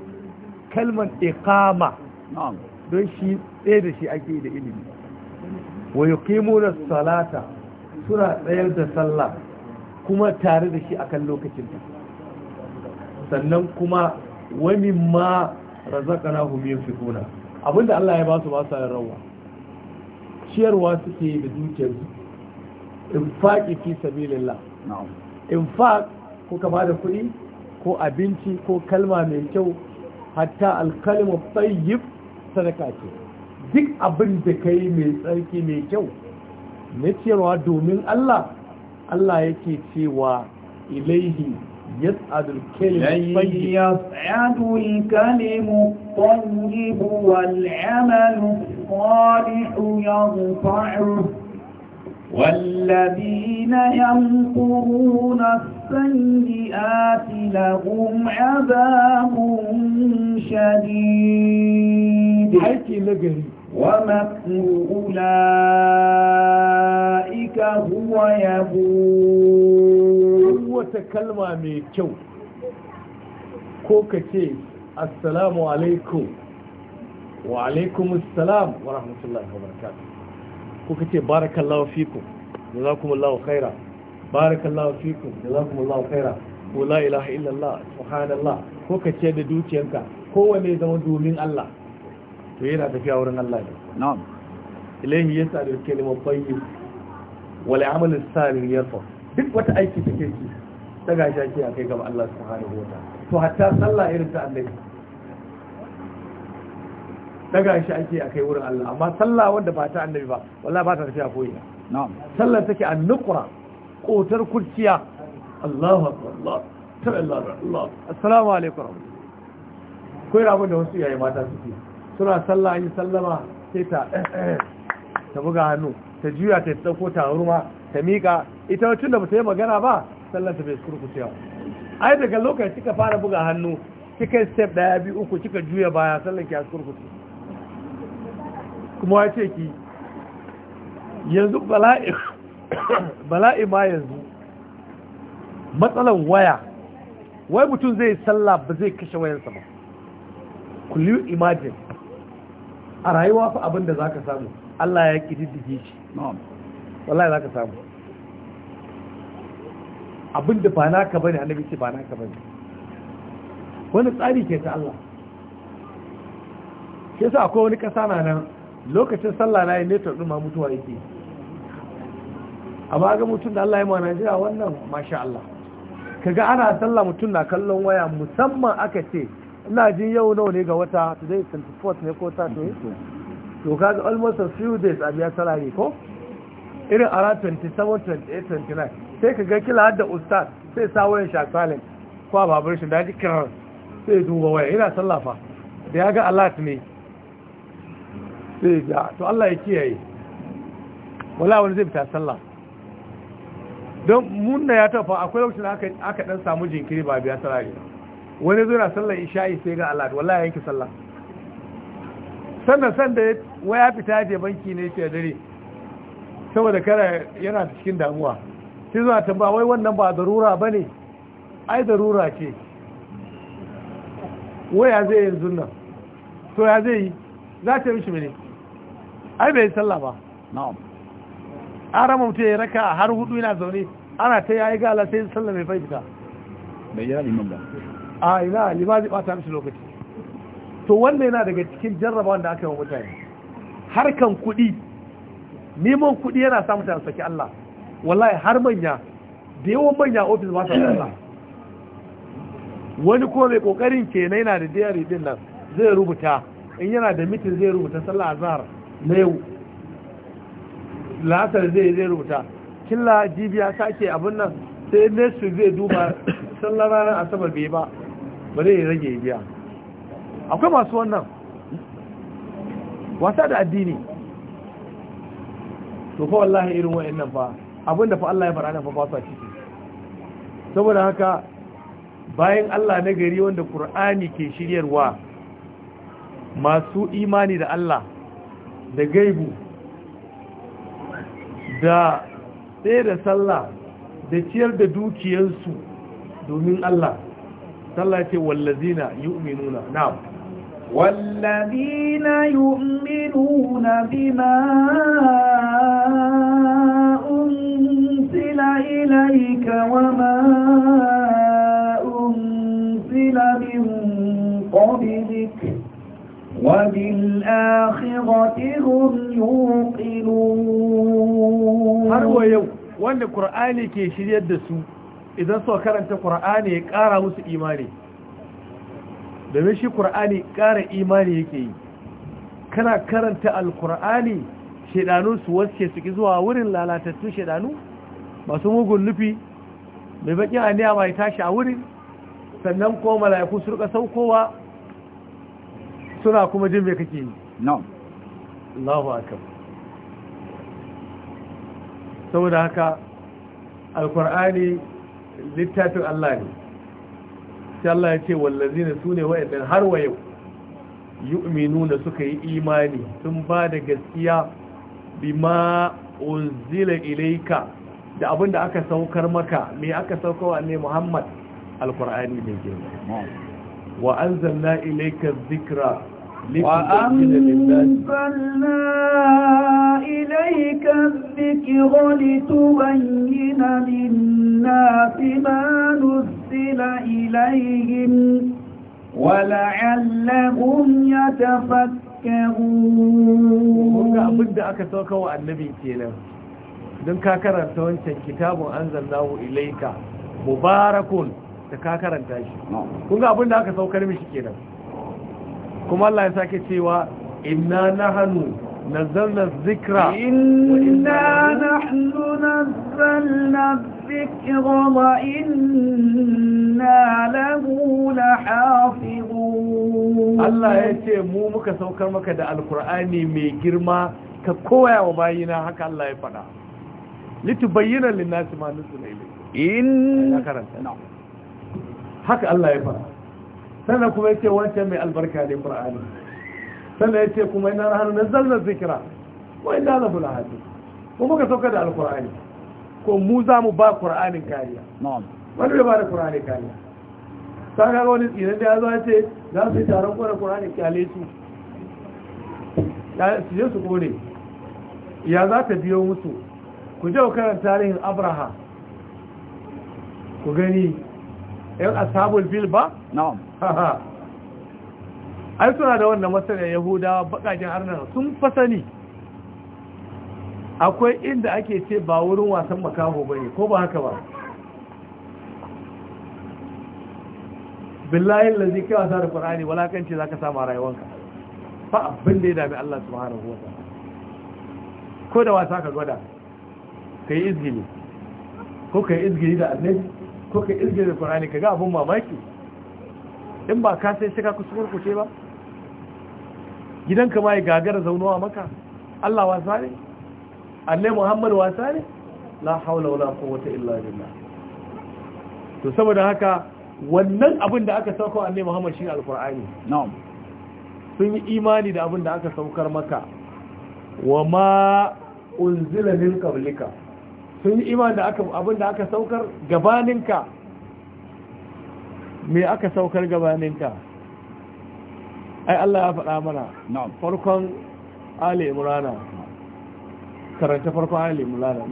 S3: kalmar ikama don shi tsaye da shi ake da ilimi wa yuqimuna salata suna tsayar da sallah kuma tare da shi akan lokacin ta sannan kuma wani ma wa mimma fi kuna abinda Allah ya ba su ba su yin rawa ciyarwa suke da dukiyar su infaqi fi sabilillah infaq ko ka bada kuɗi ko abinci ko kalma mai kyau hatta alkalimu tayyib sadaka ce duk abin da kai mai tsarki mai kyau na ciyarwa domin Allah Allah yake cewa ilaihi يسعد الكلم الطيب
S1: يسعد الكلم الطيب والعمل الصالح يرفعه والذين ينقرون السيئات لهم عذاب شديد ومكر أولئك هو
S3: يبور wata kalma mai kyau ko ka ce assalamu alaikum wa alaikum assalam wa rahmatullahi wa barakatu ko ka ce barakallahu fikum jazakumullahu khaira barakallahu fikum jazakumullahu khaira ko la ilaha illallah subhanallah ko ka ce da dukiyanka kowane zama domin Allah to yana tafiya wurin Allah ne na'am ilahi yasa da kalimar tayyib wal amal salih yarfa duk wata aiki take ci daga shi ake a kai gaba Allah subhanahu wa to hatta sallah irin ta annabi daga shi ake a kai wurin Allah amma sallah wanda ba ta annabi ba wallah ba ta tafiya koyi. ina na'am sallar take nukura kotar kurciya Allahu akbar Allah sallallahu Allah assalamu alaikum ko ira da wasu yayi mata suke suna sallah yi sallama sai ta eh, eh, ta buga hannu ta juya ta dauko ta ruma ta mika ita wacin da ba ta yi magana ba sallar ta bai kurkucewa ai daga lokacin kika fara buga hannu kika step daya biyu uku kika juya baya sallar ki ya kurkuce kuma ce ki yanzu bala'i bala'i ma yanzu matsalan waya wai mutum zai salla ba zai kashe wayansa ba kullu imagine a rayuwa fa abin da ka samu Allah ya kididdige shi wallahi ka samu abin da ba naka bane annabi ce ba naka bane wani tsari ke ta Allah ke sa akwai wani kasa na nan lokacin sallah na yi netar ma mutuwa yake amma ga mutum da Allah ya ma Najeriya wannan masha Allah kaga ana sallah mutum na kallon waya musamman aka ce ina jin yau nawa ne ga wata today 24 ne ko ta to kaga almost a few days abiya biya salari ko irin ara 27-28-29 sai ka ga kila hadda ustaz sai sa shakalin kwa babar shi daji kiran sai duba waya ina sallafa da ya ga alat ne sai ga ah, to Allah ya kiyaye wala wani zai fita sallah don munna ya tafa akwai lokacin aka dan samu jinkiri ba biya sarari wani zai na sallar isha'i sai ga alat wala ya yanki sallah sannan sanda waya fita je banki ne ke dare saboda kana yana cikin damuwa sai zuwa tambaya wai wannan ba darura ba ne ai darura ce ya zai yanzu nan to ya zai yi za ta yi shi mene ai bai sallah ba na'am an rama mutum ya raka har hudu yana zaune ana ta yayi gala sai sallah mai faifita bai yana liman ba a ina liman zai bata mishi lokaci to wanda yana daga cikin jarraba wanda aka yi wa mutane harkan kuɗi neman kuɗi yana sa mutane saki Allah wallahi har manya da yawan manya ofis ba sa Allah wani kuma mai kokarin kenan yana da diary din nan zai rubuta in yana da mitin zai rubuta sallah azhar na yau la'asar zai zai rubuta killa jibiya sake abin nan sai nesu zai duba sallar ranar asabar bai ba ba zai rage biya akwai masu wannan wasa da addini to fa wallahi irin wayannan fa abinda fa Allah ya fara nan fa ba su ciki saboda haka bayan Allah na gari wanda Kur'ani ke shiryarwa masu imani da Allah da gaibu da tsaye da sallah da ciyar da dukiyarsu domin Allah sallah ce wallazina yu'minuna na'am
S1: والذين يؤمنون بما أنزل إليك وما أنزل من قبلك وبالآخرة هم يوقنون
S3: wanda ƙur'ani ke shiryar da su idan suka karanta ƙura'ani ya ƙara musu imani domin shi ƙur'ani ƙara imani yake yi kana karanta alƙur'ani shaidanu su wasu suke zuwa wurin lalatattun shaidanu masu mugun nufi mai bakin aniya mai tashi a wurin sannan ko mala'iku su rika saukowa suna kuma jin mai kake yi na'am Allahu akbar saboda haka Alƙur'ani littafin Allah ne sai Allah ya ce wallazina sune wayannan har wa yau da suka yi imani sun ba da gaskiya bima unzila ilayka da abin da aka saukar maka me aka saukarwa ne Muhammad alqur'ani ne girma wa anzalna ilayka dhikra وأنزلنا
S1: إليك الذكر لتبين للناس ما نزل أرسل إليهم ولعلهم يتفكرون أبدا
S3: أكتوك والنبي كينا don ka karanta wancan kitabun an zannahu ilaika mubarakun da ka karanta shi kun ga abin aka saukar mishi kenan kuma Allah ya sake cewa inna nahnu nazzalna dhikra inna
S1: nahnu nazzalna الذكر وإنا له لحافظون الله يتي
S3: مو muka saukar maka da alkur'ani mai girma ka koya wa bayina haka Allah ya faɗa litubayyana linnasi ma nuzila ilayhi in haka Allah ya faɗa sannan kuma yace wancan mai albarka ne qur'ani sannan yace kuma inna nahnu nazzalna dhikra wa inna lahu ka saukar da alkur'ani ko mu za mu ba ƙura'anin kariya wani da ba da ƙura'anin kariya ta gaba wani tsirin da ya zo ce za su yi taron ƙura ƙur'anin kyale su su je su kone ya za ta biyo musu ku jau karan tarihin abraha ku gani yan asabul bil ba? na'am ai suna da wannan matsalar yahudawa bakajen harnar sun fasani akwai inda ake ce ba wurin wasan makaho ba ne ko ba haka ba billahi lalzi kai wasa da kan walakanci za ka samu rayuwanka ba abin da ya dami Allah su wa ta'ala ko da wasa ka gwada ka yi izgini ko ka yi izgini da annabi ko ka yi izgini da ƙwarani ka ga abin mamaki in ba ka sai shiga kusurkur kuce ba gidanka ma ya gagara zaunowa maka Allah wasa ne annai muhammad wasa ne la haula wala quwwata illa billah to saboda haka wannan abin da aka sauko annai muhammad shi alqur'ani na'am sun yi imani da abin da aka saukar maka wa ma unzila min qablika sun yi imani da aka abin da aka saukar gabaninka me aka saukar gabaninka ai Allah ya faɗa mana farkon Ali Imrana بسم الله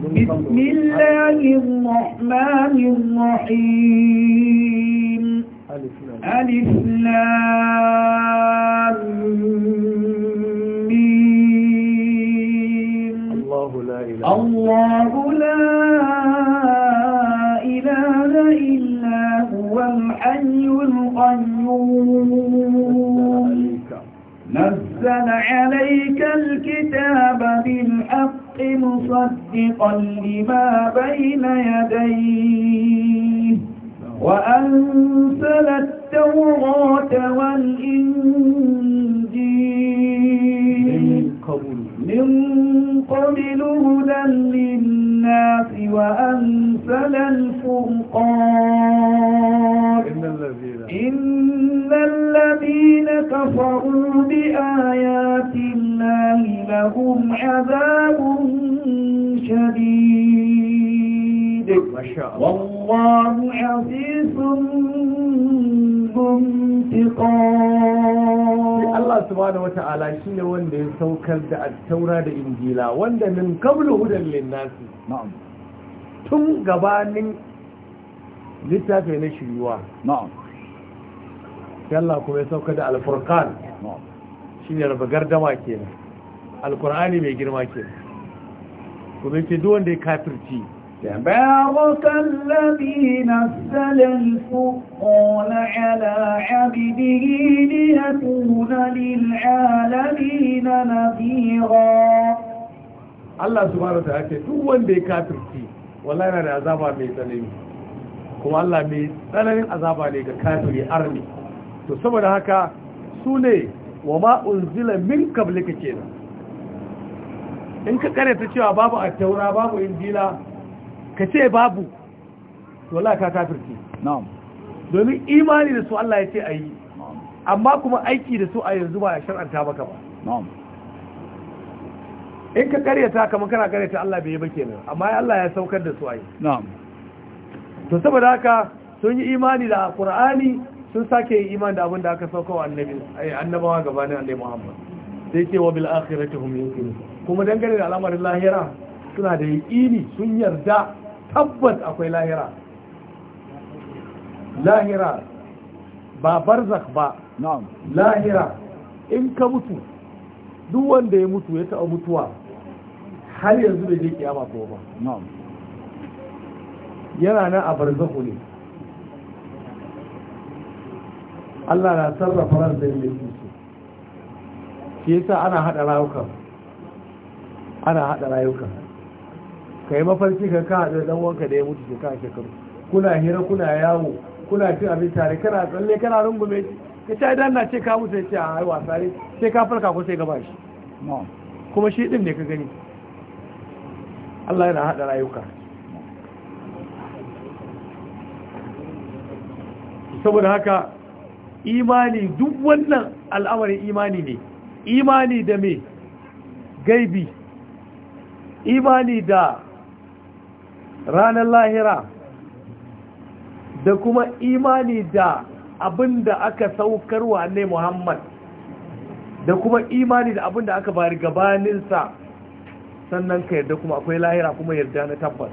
S1: الرحمن الرحيم ألف لام
S3: الله لا
S1: إله إلا هو الحي القيوم نزل عليك الكتاب بالحق الحق مصدقا لما بين يديه وأنزل التوراة والإنجيل من قبل هدى للناس وأنزل الفرقان إن الذين كفروا بآيات الله الله لهم عذاب شديد والله عزيز
S3: Allah subhanahu wata ala shi ne wanda ya saukar da attaura da Ingila, wanda nan kabla hudun linnasi tun gabanin littafi na shiriwa. Sai Allah kuma ya saukar da alfurkan shine raba gardama kenan alkur'ani mai girma kenan ku yace duk wanda ya kafirci
S1: تبارك الذي نزل الفرقان على عبده ليكون للعالمين نذيرا
S3: Allah subhanahu wa ta'ala ce duk wanda ya kafirci wallahi yana da azaba mai tsanani kuma Allah mai tsananin azaba ne ga kafiri arni to saboda haka su ne wa ma unzila min qablika kenan in ka ta cewa babu a taura babu injila ka ce babu to Allah ka kafirce na'am domin imani da su Allah ya ce ayi amma kuma aiki da su a yanzu ba ya shar'anta maka ba na'am in ka karyata kamar kana karyata Allah bai yi ba kenan amma Allah ya saukar da su ayi na'am to saboda haka sun yi imani da Qur'ani sun sake yi iman da abin da aka sauka wa eh, annabawa gabanin annabi Muhammad sai ce wa bil akhirati hum yuqinun kuma dangane da al'amarin lahira suna da yaqini sun yarda tabbas akwai lahira lahira ba barzakh ba na'am lahira in ka mutu duk wanda ya mutu ya taɓa mutuwa har yanzu bai je kiyama ko ba na'am yana nan a barzakh ne Allah na sarrafa ran da yake so shi yasa ana hada rayuka ana hada rayuka kai mafarki ka ka da dan wanka da ya mutu ka shekaru kuna hira kuna yawo kuna cin abin tare kana tsalle kana rungume shi ka ce idan na ce ka mutu ya ce a haiwa sare sai ka farka ko sai gaba shi kuma shi din ne ka gani Allah yana hada rayuka saboda haka imani duk wannan al'amarin imani ne imani da mai gaibi imani da ranar lahira da kuma imani da abin aka saukarwa ne muhammad da kuma imani da abin aka bari gabaninsa sannan ka yarda kuma akwai lahira kuma yarda na tabbas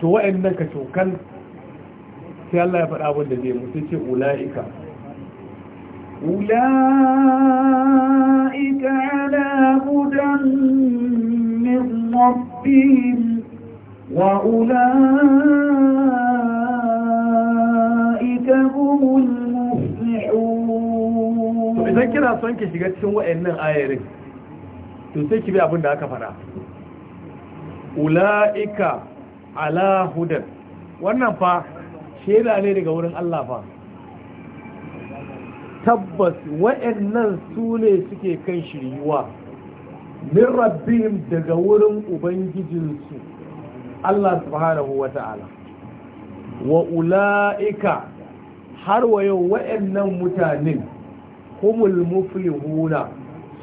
S3: to wa'annan ka cokan sai Allah ya faɗa abin da zai mu sai ce ula'ika
S1: ula'ika ala hudan min rabbihim wa ula'ika humul muflihun idan kina
S3: son ki shiga cikin wa'annan ayarin to sai ki bi abin da aka faɗa ula'ika ala hudan wannan fa shaida ne daga wurin Allah fa tabbas wa'annan su ne suke kan shiryuwa min rabbihim daga wurin ubangijinsu Allah subhanahu wa ta'ala wa ula'ika har wa yau wa'annan mutanen humul muflihuna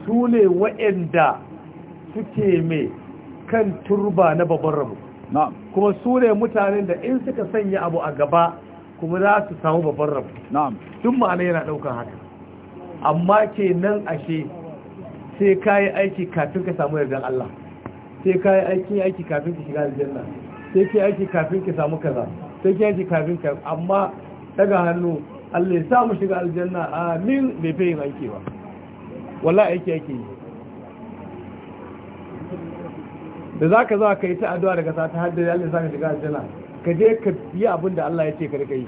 S3: su ne wa'anda suke mai kan turba na babban rabu kuma su ne mutanen da in suka sanya abu a gaba kuma za su samu babban rabu duk ma'ana yana ɗaukar haka amma ke nan ashe sai ka yi aiki kafin ka samu yardan Allah sai ka yi aiki aiki kafin ka shiga aljanna sai ka yi aiki kafin ka samu kaza sai ka yi aiki kafin ka amma daga hannu Allah ya sa mu shiga aljanna amin bai fayin aiki ba wallahi aiki aiki yi da za ka zo ka yi ta addu'a daga sata har da Allah saka shiga aljanna ka je ka yi abin da Allah ya ce ka rika yi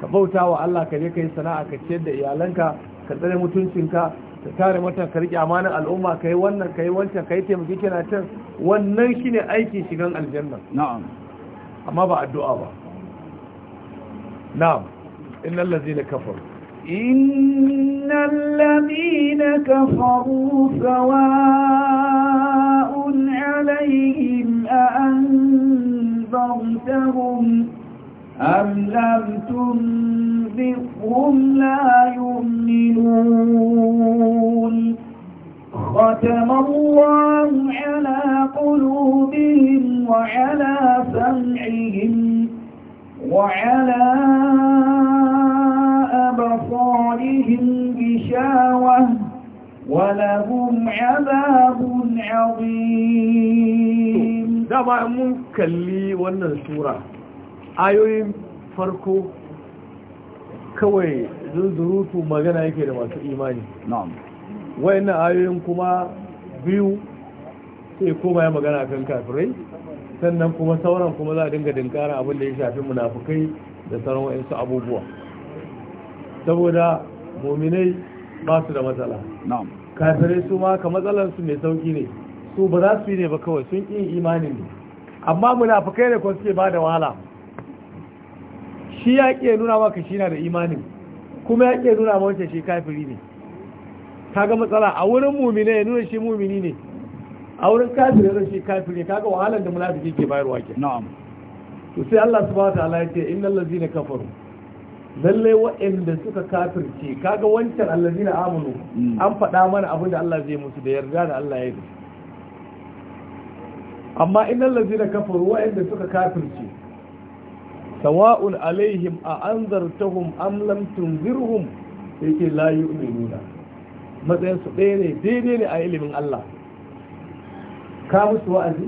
S3: ka bauta wa Allah ka je ka yi sana'a ka ciyar da iyalanka ka tsare mutuncinka ka tare mata ka rike amanar al'umma ka yi wannan ka yi wancan ka yi taimaki kana can wannan shine aikin shigan aljanna na'am amma ba addu'a ba na'am innal ladzina kafaru
S1: إن الذين كفروا سواء عليهم أأنذرتهم أم لم تنذرهم لا يؤمنون ختم الله على قلوبهم وعلى سمعهم وعلى أبصارهم بشاوة ولهم عذاب عظيم
S3: دابا mun kalli wannan sura ayoyin farko kawai zunzurutu magana yake da masu imani نعم wayannan ayoyin kuma biyu sai kuma ya magana kan kafirai sannan kuma sauran kuma za a dinga dinkara abin da ya shafi munafukai da sauran wa'insu abubuwa saboda muminai ba su da matsala kafirai su ma ka matsalarsu mai sauki ne su ba za su yi ne ba kawai sun ƙin imanin ne amma munafukai ne kuma suke ba da wahala shi ya ke nuna maka shi na da imanin kuma ya ke nuna maka shi kafiri ne ga matsala a wurin mumine ya nuna shi mumini ne a wurin kafiri ya shi kafiri ne ga wahalar da munafiki ke bayarwa ke na'am to sai Allah subhanahu wa ta'ala ya ce innal ladzina kafaru lallai waɗanda suka kafirce kaga wancan allazi na amunu hmm. an faɗa mana abin da Allah zai musu da yarda da Allah ya yi amma in allazi na kafaru waɗanda suka kafirce sawa'un alaihim a anzartahum am lam tunzirhum yake la yu'minuna matsayin su ɗaya ne daidai ne a ilimin Allah ka musu wa'azi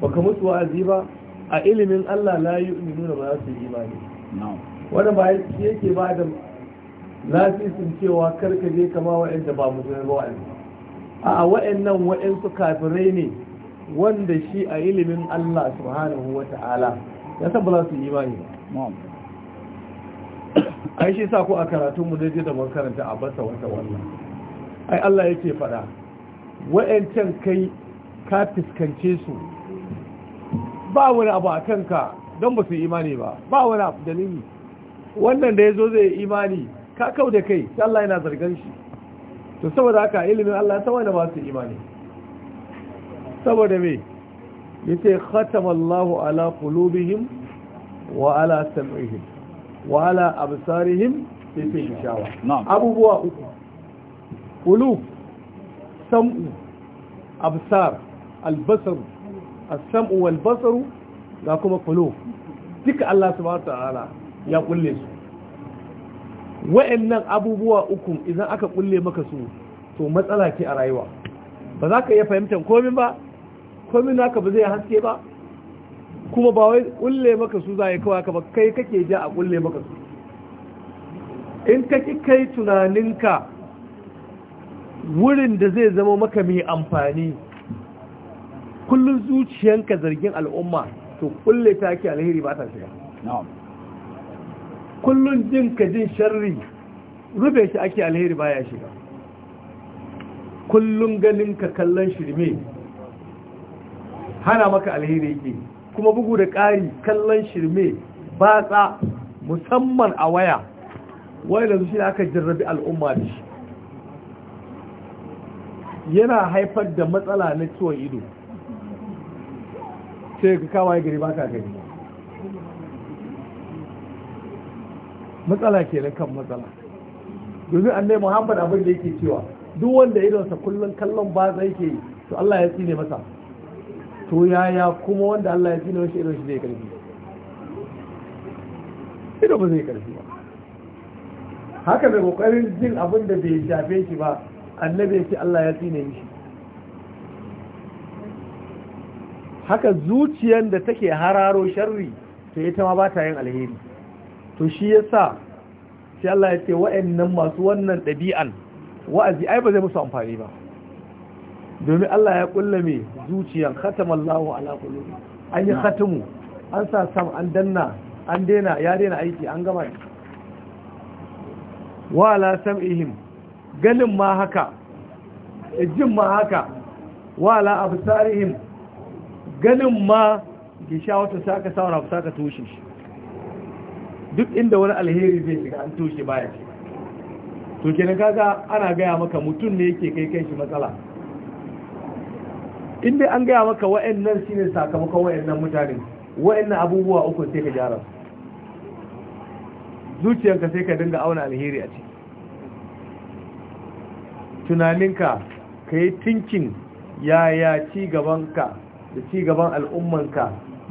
S3: baka musu wa'azi ba a ilimin Allah la yu'minuna ba za su yi imani na'am wani ba yake ba da lafisin cewa karka je kama wa'inda ba musulmi ba wa'in a wa'in su kafirai ne wanda shi a ilimin Allah subhanahu wa ta'ala ya san ba za su yi imani ba ai shi sa ku a karatun mu daidai da mun karanta a basa wata wannan ai Allah yake faɗa wa'ancan kai ka fiskance su ba wani abu a kanka don ba su imani ba ba wani abu dalili wannan da ya zo zai imani ka kau da kai sai Allah yana zargan shi to saboda haka ilimin Allah ta wani masu imani saboda me yace khatama Allah ala qulubihim wa ala sam'ihim wa ala absarihim yace shawa abubuwa uku qulub sam'u absar albasar samu wal ga kuma qulub duka Allah subhanahu wa ta'ala ya kulle su wa'annan abubuwa uku idan aka kulle maka su to matsala ke a rayuwa ba za ka iya fahimtar komin ba komin naka ba zai haske ba kuma ba wai kulle maka su za yi kawai ka ba kai kake ja a kulle maka su in ka ki kai tunaninka wurin da zai zama maka mai amfani kullum zuciyanka zargin al'umma to kulle ta ke alheri ba ta shiga kullum jin ka jin sharri rufe shi ake alheri baya shiga kullum ganin ka kallon shirme hana maka alheri yake kuma bugu da ƙari kallon shirme batsa musamman a waya wai da shi aka jarrabi al'umma da shi yana haifar da matsala na ciwon ido sai ka kawai gari ba ka gari matsala ke na kan matsala domin annai muhammad abin da yake cewa duk wanda idonsa kullum kallon ba zai ke to Allah ya tsine masa to yaya kuma wanda Allah ya tsine masa idon shi zai karfi ido ba zai karfi ba haka mai kokarin jin abin da bai shafe shi ba annabi ya ce Allah ya tsine mishi haka zuciyar da take hararo sharri to ita ma ba ta yin alheri to shi ya sa, sai Allah ya ce nan masu wannan ɗabi'an wa'azi ai ba zai musu amfani ba domin Allah ya ƙulla mai zuciyan khatamallahu ala qulubi an yi khatamu an sa sam an danna an daina ya daina aiki an gama sam ihim ganin ma haka ijin ma haka wala absarihim ganin ma gishawata saka sauna saka tushe shi duk inda wani alheri zai shiga an toshe baya ce to kenan kaga ana gaya maka mutum ne yake kai kai shi matsala in dai an gaya maka wayannan shine sakamakon wa'annan mutane wa'annan abubuwa uku sai ka gyara zuciyarka sai ka dinga auna alheri a ciki tunaninka ka yi tinkin yaya ci gabanka da ci gaban al'ummanka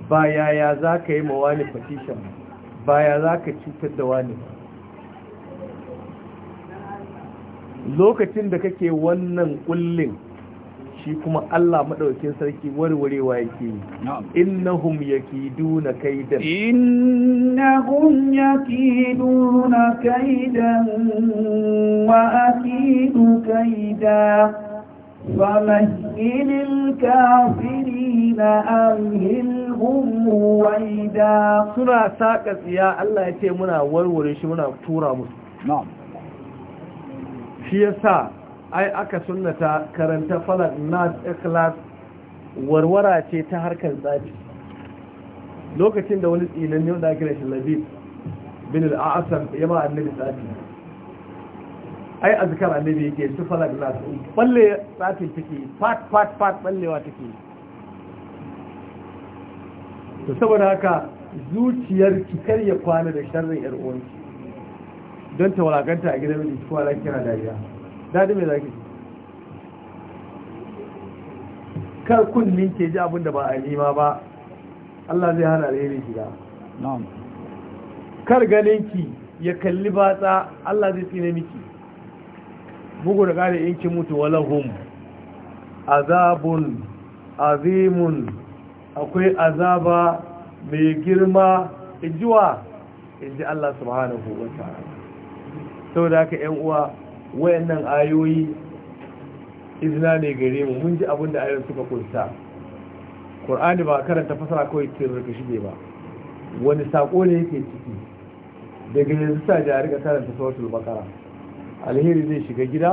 S3: ba yaya za ka yi mawani petition baya za ka cutar da wani lokacin da kake wannan kullin shi kuma Allah maɗaukin sarki warwarewa yake yi innahum yakiduna kaidan
S1: innahum yakiduna kaidan wa akidu kaida فمهل الكافرين أمهلهم
S3: رويدا سنة ساكت يا الله يتي منا ورورش منا تورا مسلم نعم shi sa ai aka sunnata karanta falak nas ikhlas warwara ce ta harkar tsafi lokacin da wani tsinanne wanda ake rashin labib bin al'asar ya ma annabi tsafi ai azkar annabi yake su falak na su balle tsatin take fat fat fat ballewa take to saboda haka zuciyar ki kar ya kwana da sharrin yar uwanki don ta walakanta a gidan miji ko alaki na dariya dadi me zaki kar min ke ji abin da ba a nima ba Allah zai hana alheri shiga na'am kar ganin ki ya kalli batsa Allah zai tsine miki bugu da ƙari in ki mutu azabun azimun akwai azaba mai girma injiwa inji Allah subhanahu wa ta'ala sau da haka ‘yan uwa wayannan ayoyi izina ne gare mu mun ji abinda ayoyin suka kunsa ƙur'ani ba karanta fasara kawai ke shi shige ba wani saƙo ne yake ciki daga yanzu sa jari ga karanta sautul bakara alheri zai shiga gida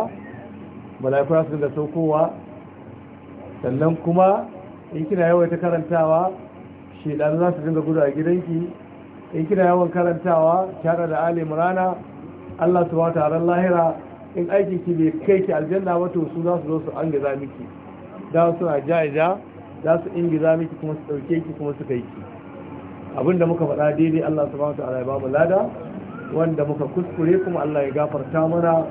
S3: mala'ikun za su dinga saukowa sannan kuma in kina yawan ta karantawa shedanu za su dinga gudu a gidanki in kina yawan karantawa tare da ali murana allah su wata ran lahira in aikin ki bai kai ki aljanna ba to su za su zo su an gaza miki da suna jaja za su ingiza miki kuma su ɗauke ki kuma su kai ki abinda muka faɗa daidai allah su wata ran ya ba mu lada wanda muka kuskure kuma Allah ya gafarta mana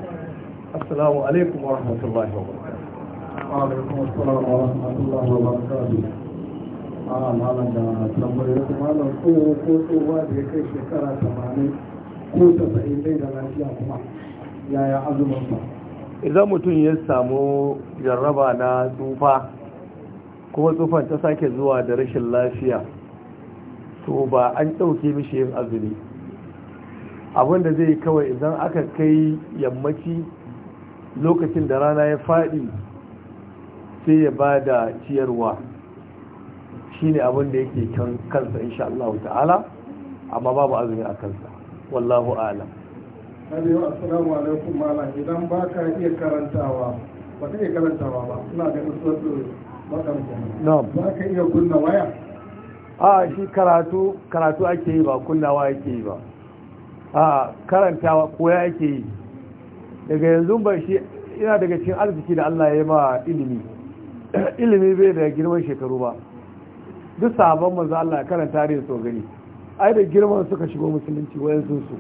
S3: assalamu alaikum wa rahmatullahi wa barakatuh
S2: a malam da tambayar malam ko ko tsohuwa da ya kai shekara 80 ko ta 90 bai da lafiya kuma yaya azumin sa
S3: idan mutum ya samu jarraba na tsufa kuma tsufan ta sake zuwa da rashin lafiya to ba an ɗauke mishi yin azumi abinda da zai kawai idan aka kai yammaci lokacin da rana ya faɗi sai ya ba da ciyarwa shine ne da yake kan kansa insha Allah ta'ala amma babu azumi a kansa wallahu alam
S2: Aliyu assalamu alaikum malam idan ba ka iya karantawa ba ka iya karantawa ba suna da musulun makamta ba ka iya kunna waya a shi
S3: karatu karatu ake yi ba kunnawa ake yi ba a karantawa ko ya ake yi daga yanzu ba shi ina daga cikin arziki da Allah ya ma ilimi ilimi bai da girman shekaru ba duk sabon manzo Allah karanta ne so gani ai da girman suka shigo musulunci wayan sun su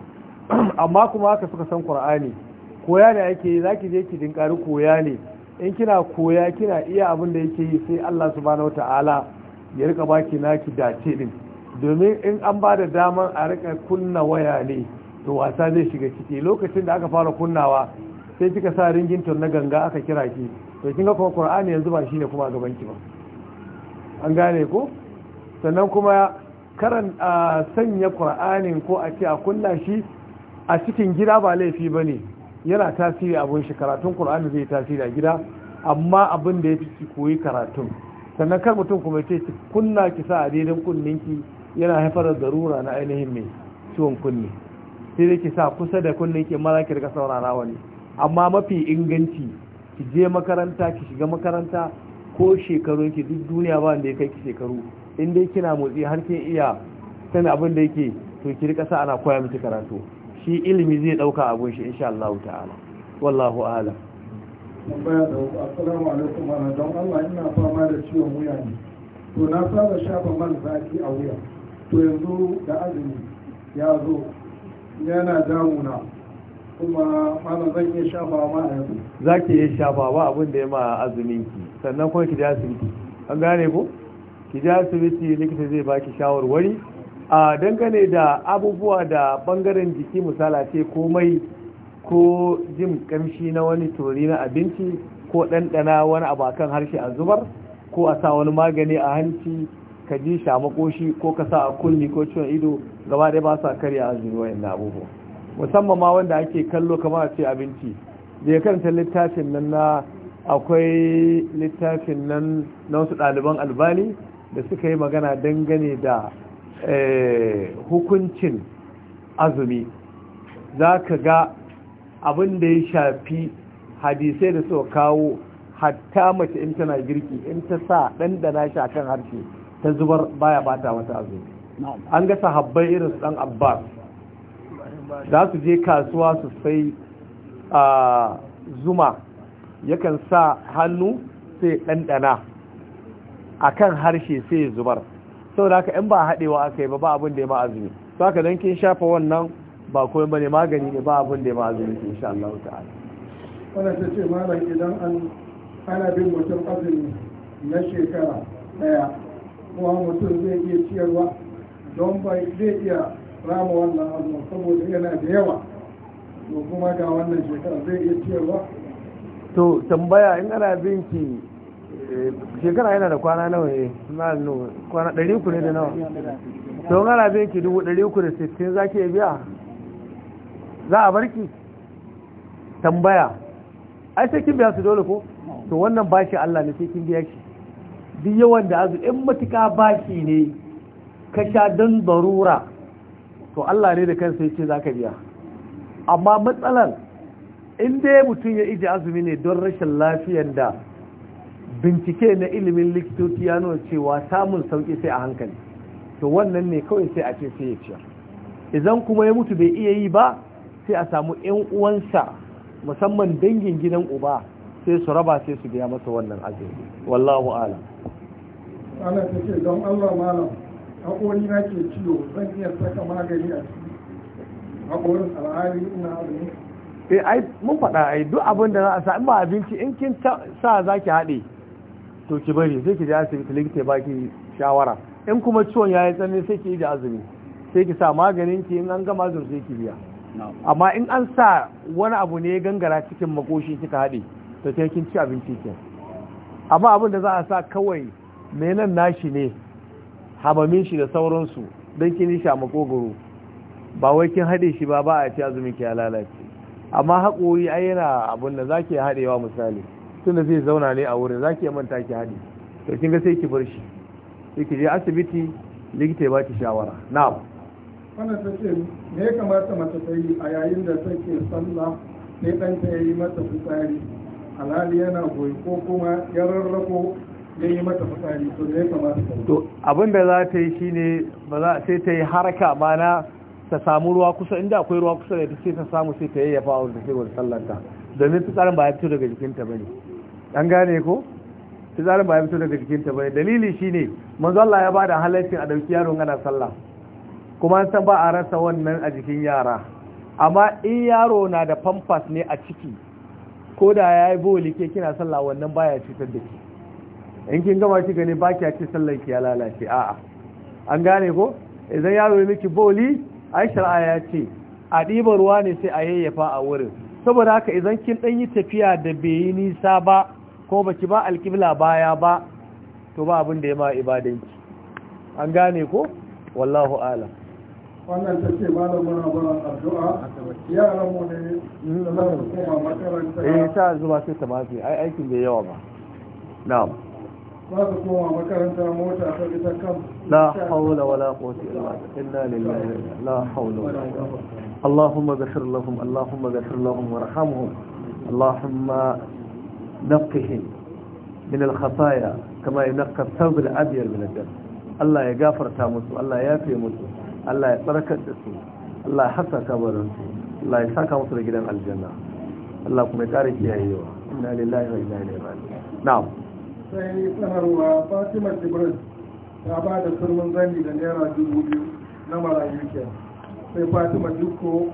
S3: amma kuma haka suka san Qur'ani koya ne ake yi zaki je ki dinkari koya ne in kina koya kina iya abin da yake yi sai Allah subhanahu wataala ya rika baki naki dace din domin in an ba da daman a rika kunna waya ne to wasa zai shiga ciki lokacin da aka fara kunnawa sai kika sa ringin tun na ganga aka kira ki to kin ga kuma Qur'ani yanzu ba shine kuma gaban ki ba an gane ko sannan kuma karan sanya Qur'anin ko a ce a kunna shi a cikin gida ba laifi bane yana tasiri abun shi karatun Qur'ani zai tasiri a gida amma abin da ya fi koyi karatun sannan kar mutum kuma ce kunna ki sa a daidan kunninki yana haifar da zarura na ainihin mai ciwon kunne sai da ki sa kusa da kunnen ki mara ki rika saurara wani amma mafi inganci ki je makaranta ki shiga makaranta ko shekaru ki duk duniya ba wanda ya kai ki shekaru in dai kina motsi har ke iya san abin da yake to ki rika sa ana koya miki karatu shi ilimi zai dauka abun shi insha Allah ta'ala wallahu a'lam
S2: tambaya da assalamu alaikum wa don Allah ina fama da ciwon wuya ne to na saba shafa man zaki a wuya to yanzu da azumi ya zo yana damuna kuma mana zan iya shafawa ma a yanzu
S3: za ki iya shafawa abin da ya ma azumin ki sannan kuma ki ja asibiti an gane ko ki ja asibiti likita zai baki shawarwari a dangane da abubuwa da bangaren jiki misala ce komai ko jin kamshi na wani turi na abinci ko ɗanɗana wani abakan harshe a zubar ko a sa wani magani a hanci ka ji shi makoshi ko ka sa a kulmi ko ciwon ido gaba dai ba sa karya azumi zuwa yin abubuwa musamman ma wanda ake kallo kamar a ce abinci da ya karanta littafin nan na akwai littafin nan na wasu ɗaliban albani da suka yi magana dangane da eh, hukuncin azumi za ka ga abin da ya shafi hadisai da suka kawo hatta mace in tana girki in ta sa ɗanɗana shi a kan harshe ta zubar baya bata wata azu an ga sahabbai irin dan abbas za su je kasuwa su sai a zuma yakan sa hannu sai ɗanɗana a kan harshe sai zubar saboda haka in ba haɗewa aka yi ba ba abin da ya ma azumi to haka don kin shafa wannan ba kuma bane magani ne ba abin da ya ma azumi insha Allah ta'ala
S2: wannan ta ce malam idan an ana bin mutum azumi na shekara daya kuma mutum zai iya ciyarwa don bai zai iya rama wannan abu saboda yana da yawa to kuma ga wannan shekara zai iya ciyarwa
S3: to tambaya in ana binki eh, shekara yana da kwana nawa eh, ne kwana ɗari uku ne da nawa to in ana binki dubu ɗari uku da sittin za ke biya za a barki tambaya ai sai kin biya su dole ko to wannan bashi Allah ne sai kin biya shi duk yawan da azu in matuƙa baki ne ka sha don barura to Allah ne da kansa ya ce za ka biya amma matsalar in dai mutum ya iji azumi ne don rashin lafiyar da bincike na ilimin likitoci ya nuna cewa samun sauƙi sai a hankali to wannan ne kawai sai a ce sai ya ciyar idan kuma ya mutu bai iya yi ba sai a samu 'yan uwansa musamman dangin gidan uba sai su raba sai su biya masa wannan azumi wallahu alam
S2: ana ta ce don Allah malam haƙori na ke ciwo zan iya saka magani a ciki haƙorin al'ari ina abu
S3: eh ai mun faɗa ai duk abin da za a sa in ba abinci in kin sa za ki haɗe to ki bari sai ki je asibiti likita ba ki shawara in kuma ciwon ya yi tsanani sai ki yi da azumi sai ki sa maganin ki in an gama azumi sai ki biya amma in an sa wani abu ne ya gangara cikin makoshi kika haɗe to sai kin ci abinci ke amma abin da za a sa kawai menan nashi ne hamamin shi da sauransu don kin yi shi a makogoro ba wai kin haɗe shi ba ba a ci azumin ke lalace amma haƙori ai yana abin da za zaki haɗewa misali tunda zai zauna ne a wurin za ke manta ki haɗe to kin ga sai ki bar shi sai ki je asibiti likita ya ba ki shawara na'am
S2: wannan ta ce me ya kamata mace ta yi a yayin da take sallah sai ɗanta ya yi mata fitsari alhali yana goyi ko kuma ya rarrako ya yi mata fitsari to da ya kamata ta to
S3: abin da za ta yi shine ba za sai ta yi haraka mana ta samu ruwa kusa inda akwai ruwa kusa da ta ce ta samu sai ta yayyafa wa da shewar sallanta domin fitsarin ba ya fito daga jikinta ba ne an gane ko fitsarin ba ya fito daga jikinta ba ne dalili shine manzo Allah ya ba da halaccin a dauki yaron ana sallah kuma an san ba a rasa wannan a jikin yara amma in yaro na da pampas ne a ciki ko da ya yi boli ke kina sallah wannan baya cutar da ke in kin gama shi gani baki a ce sallar ki ya lalace a'a an gane ko idan yaro ya miki boli ai shar'a ya ce a ɗiba ruwa ne sai a yayyafa a wurin saboda haka idan kin ɗan yi tafiya da bai yi nisa ba ko baki ba alƙibla baya ba to ba abin da ya ma ibadanki an gane ko wallahu alam
S2: wannan ta ce malam muna muna addu'a yaran mu ne da za su koma makaranta eh
S3: ta zuba sai ta mafi ai aikin da yawa ba na'am
S2: za su koma makaranta mota ta ita kan la hawla
S3: wala quwwata illa billah lillahi la hawla wala quwwata اللهم اغفر لهم اللهم اغفر لهم وارحمهم اللهم نقهم من الخطايا كما ينقى الثوب الابيض من الدم الله يغفر تامس الله يعفي مسلم Allah ya tsarkar da su Allah ya hasa kabarin su Allah ya saka musu da gidan aljanna Allah kuma ya kare kiyayewa inna lillahi wa inna ilaihi raji'un na'am
S2: sai sanarwa Fatima Jibril ta ba da turmin zani da naira dubu biyu na marayu kenan sai Fatima Jukko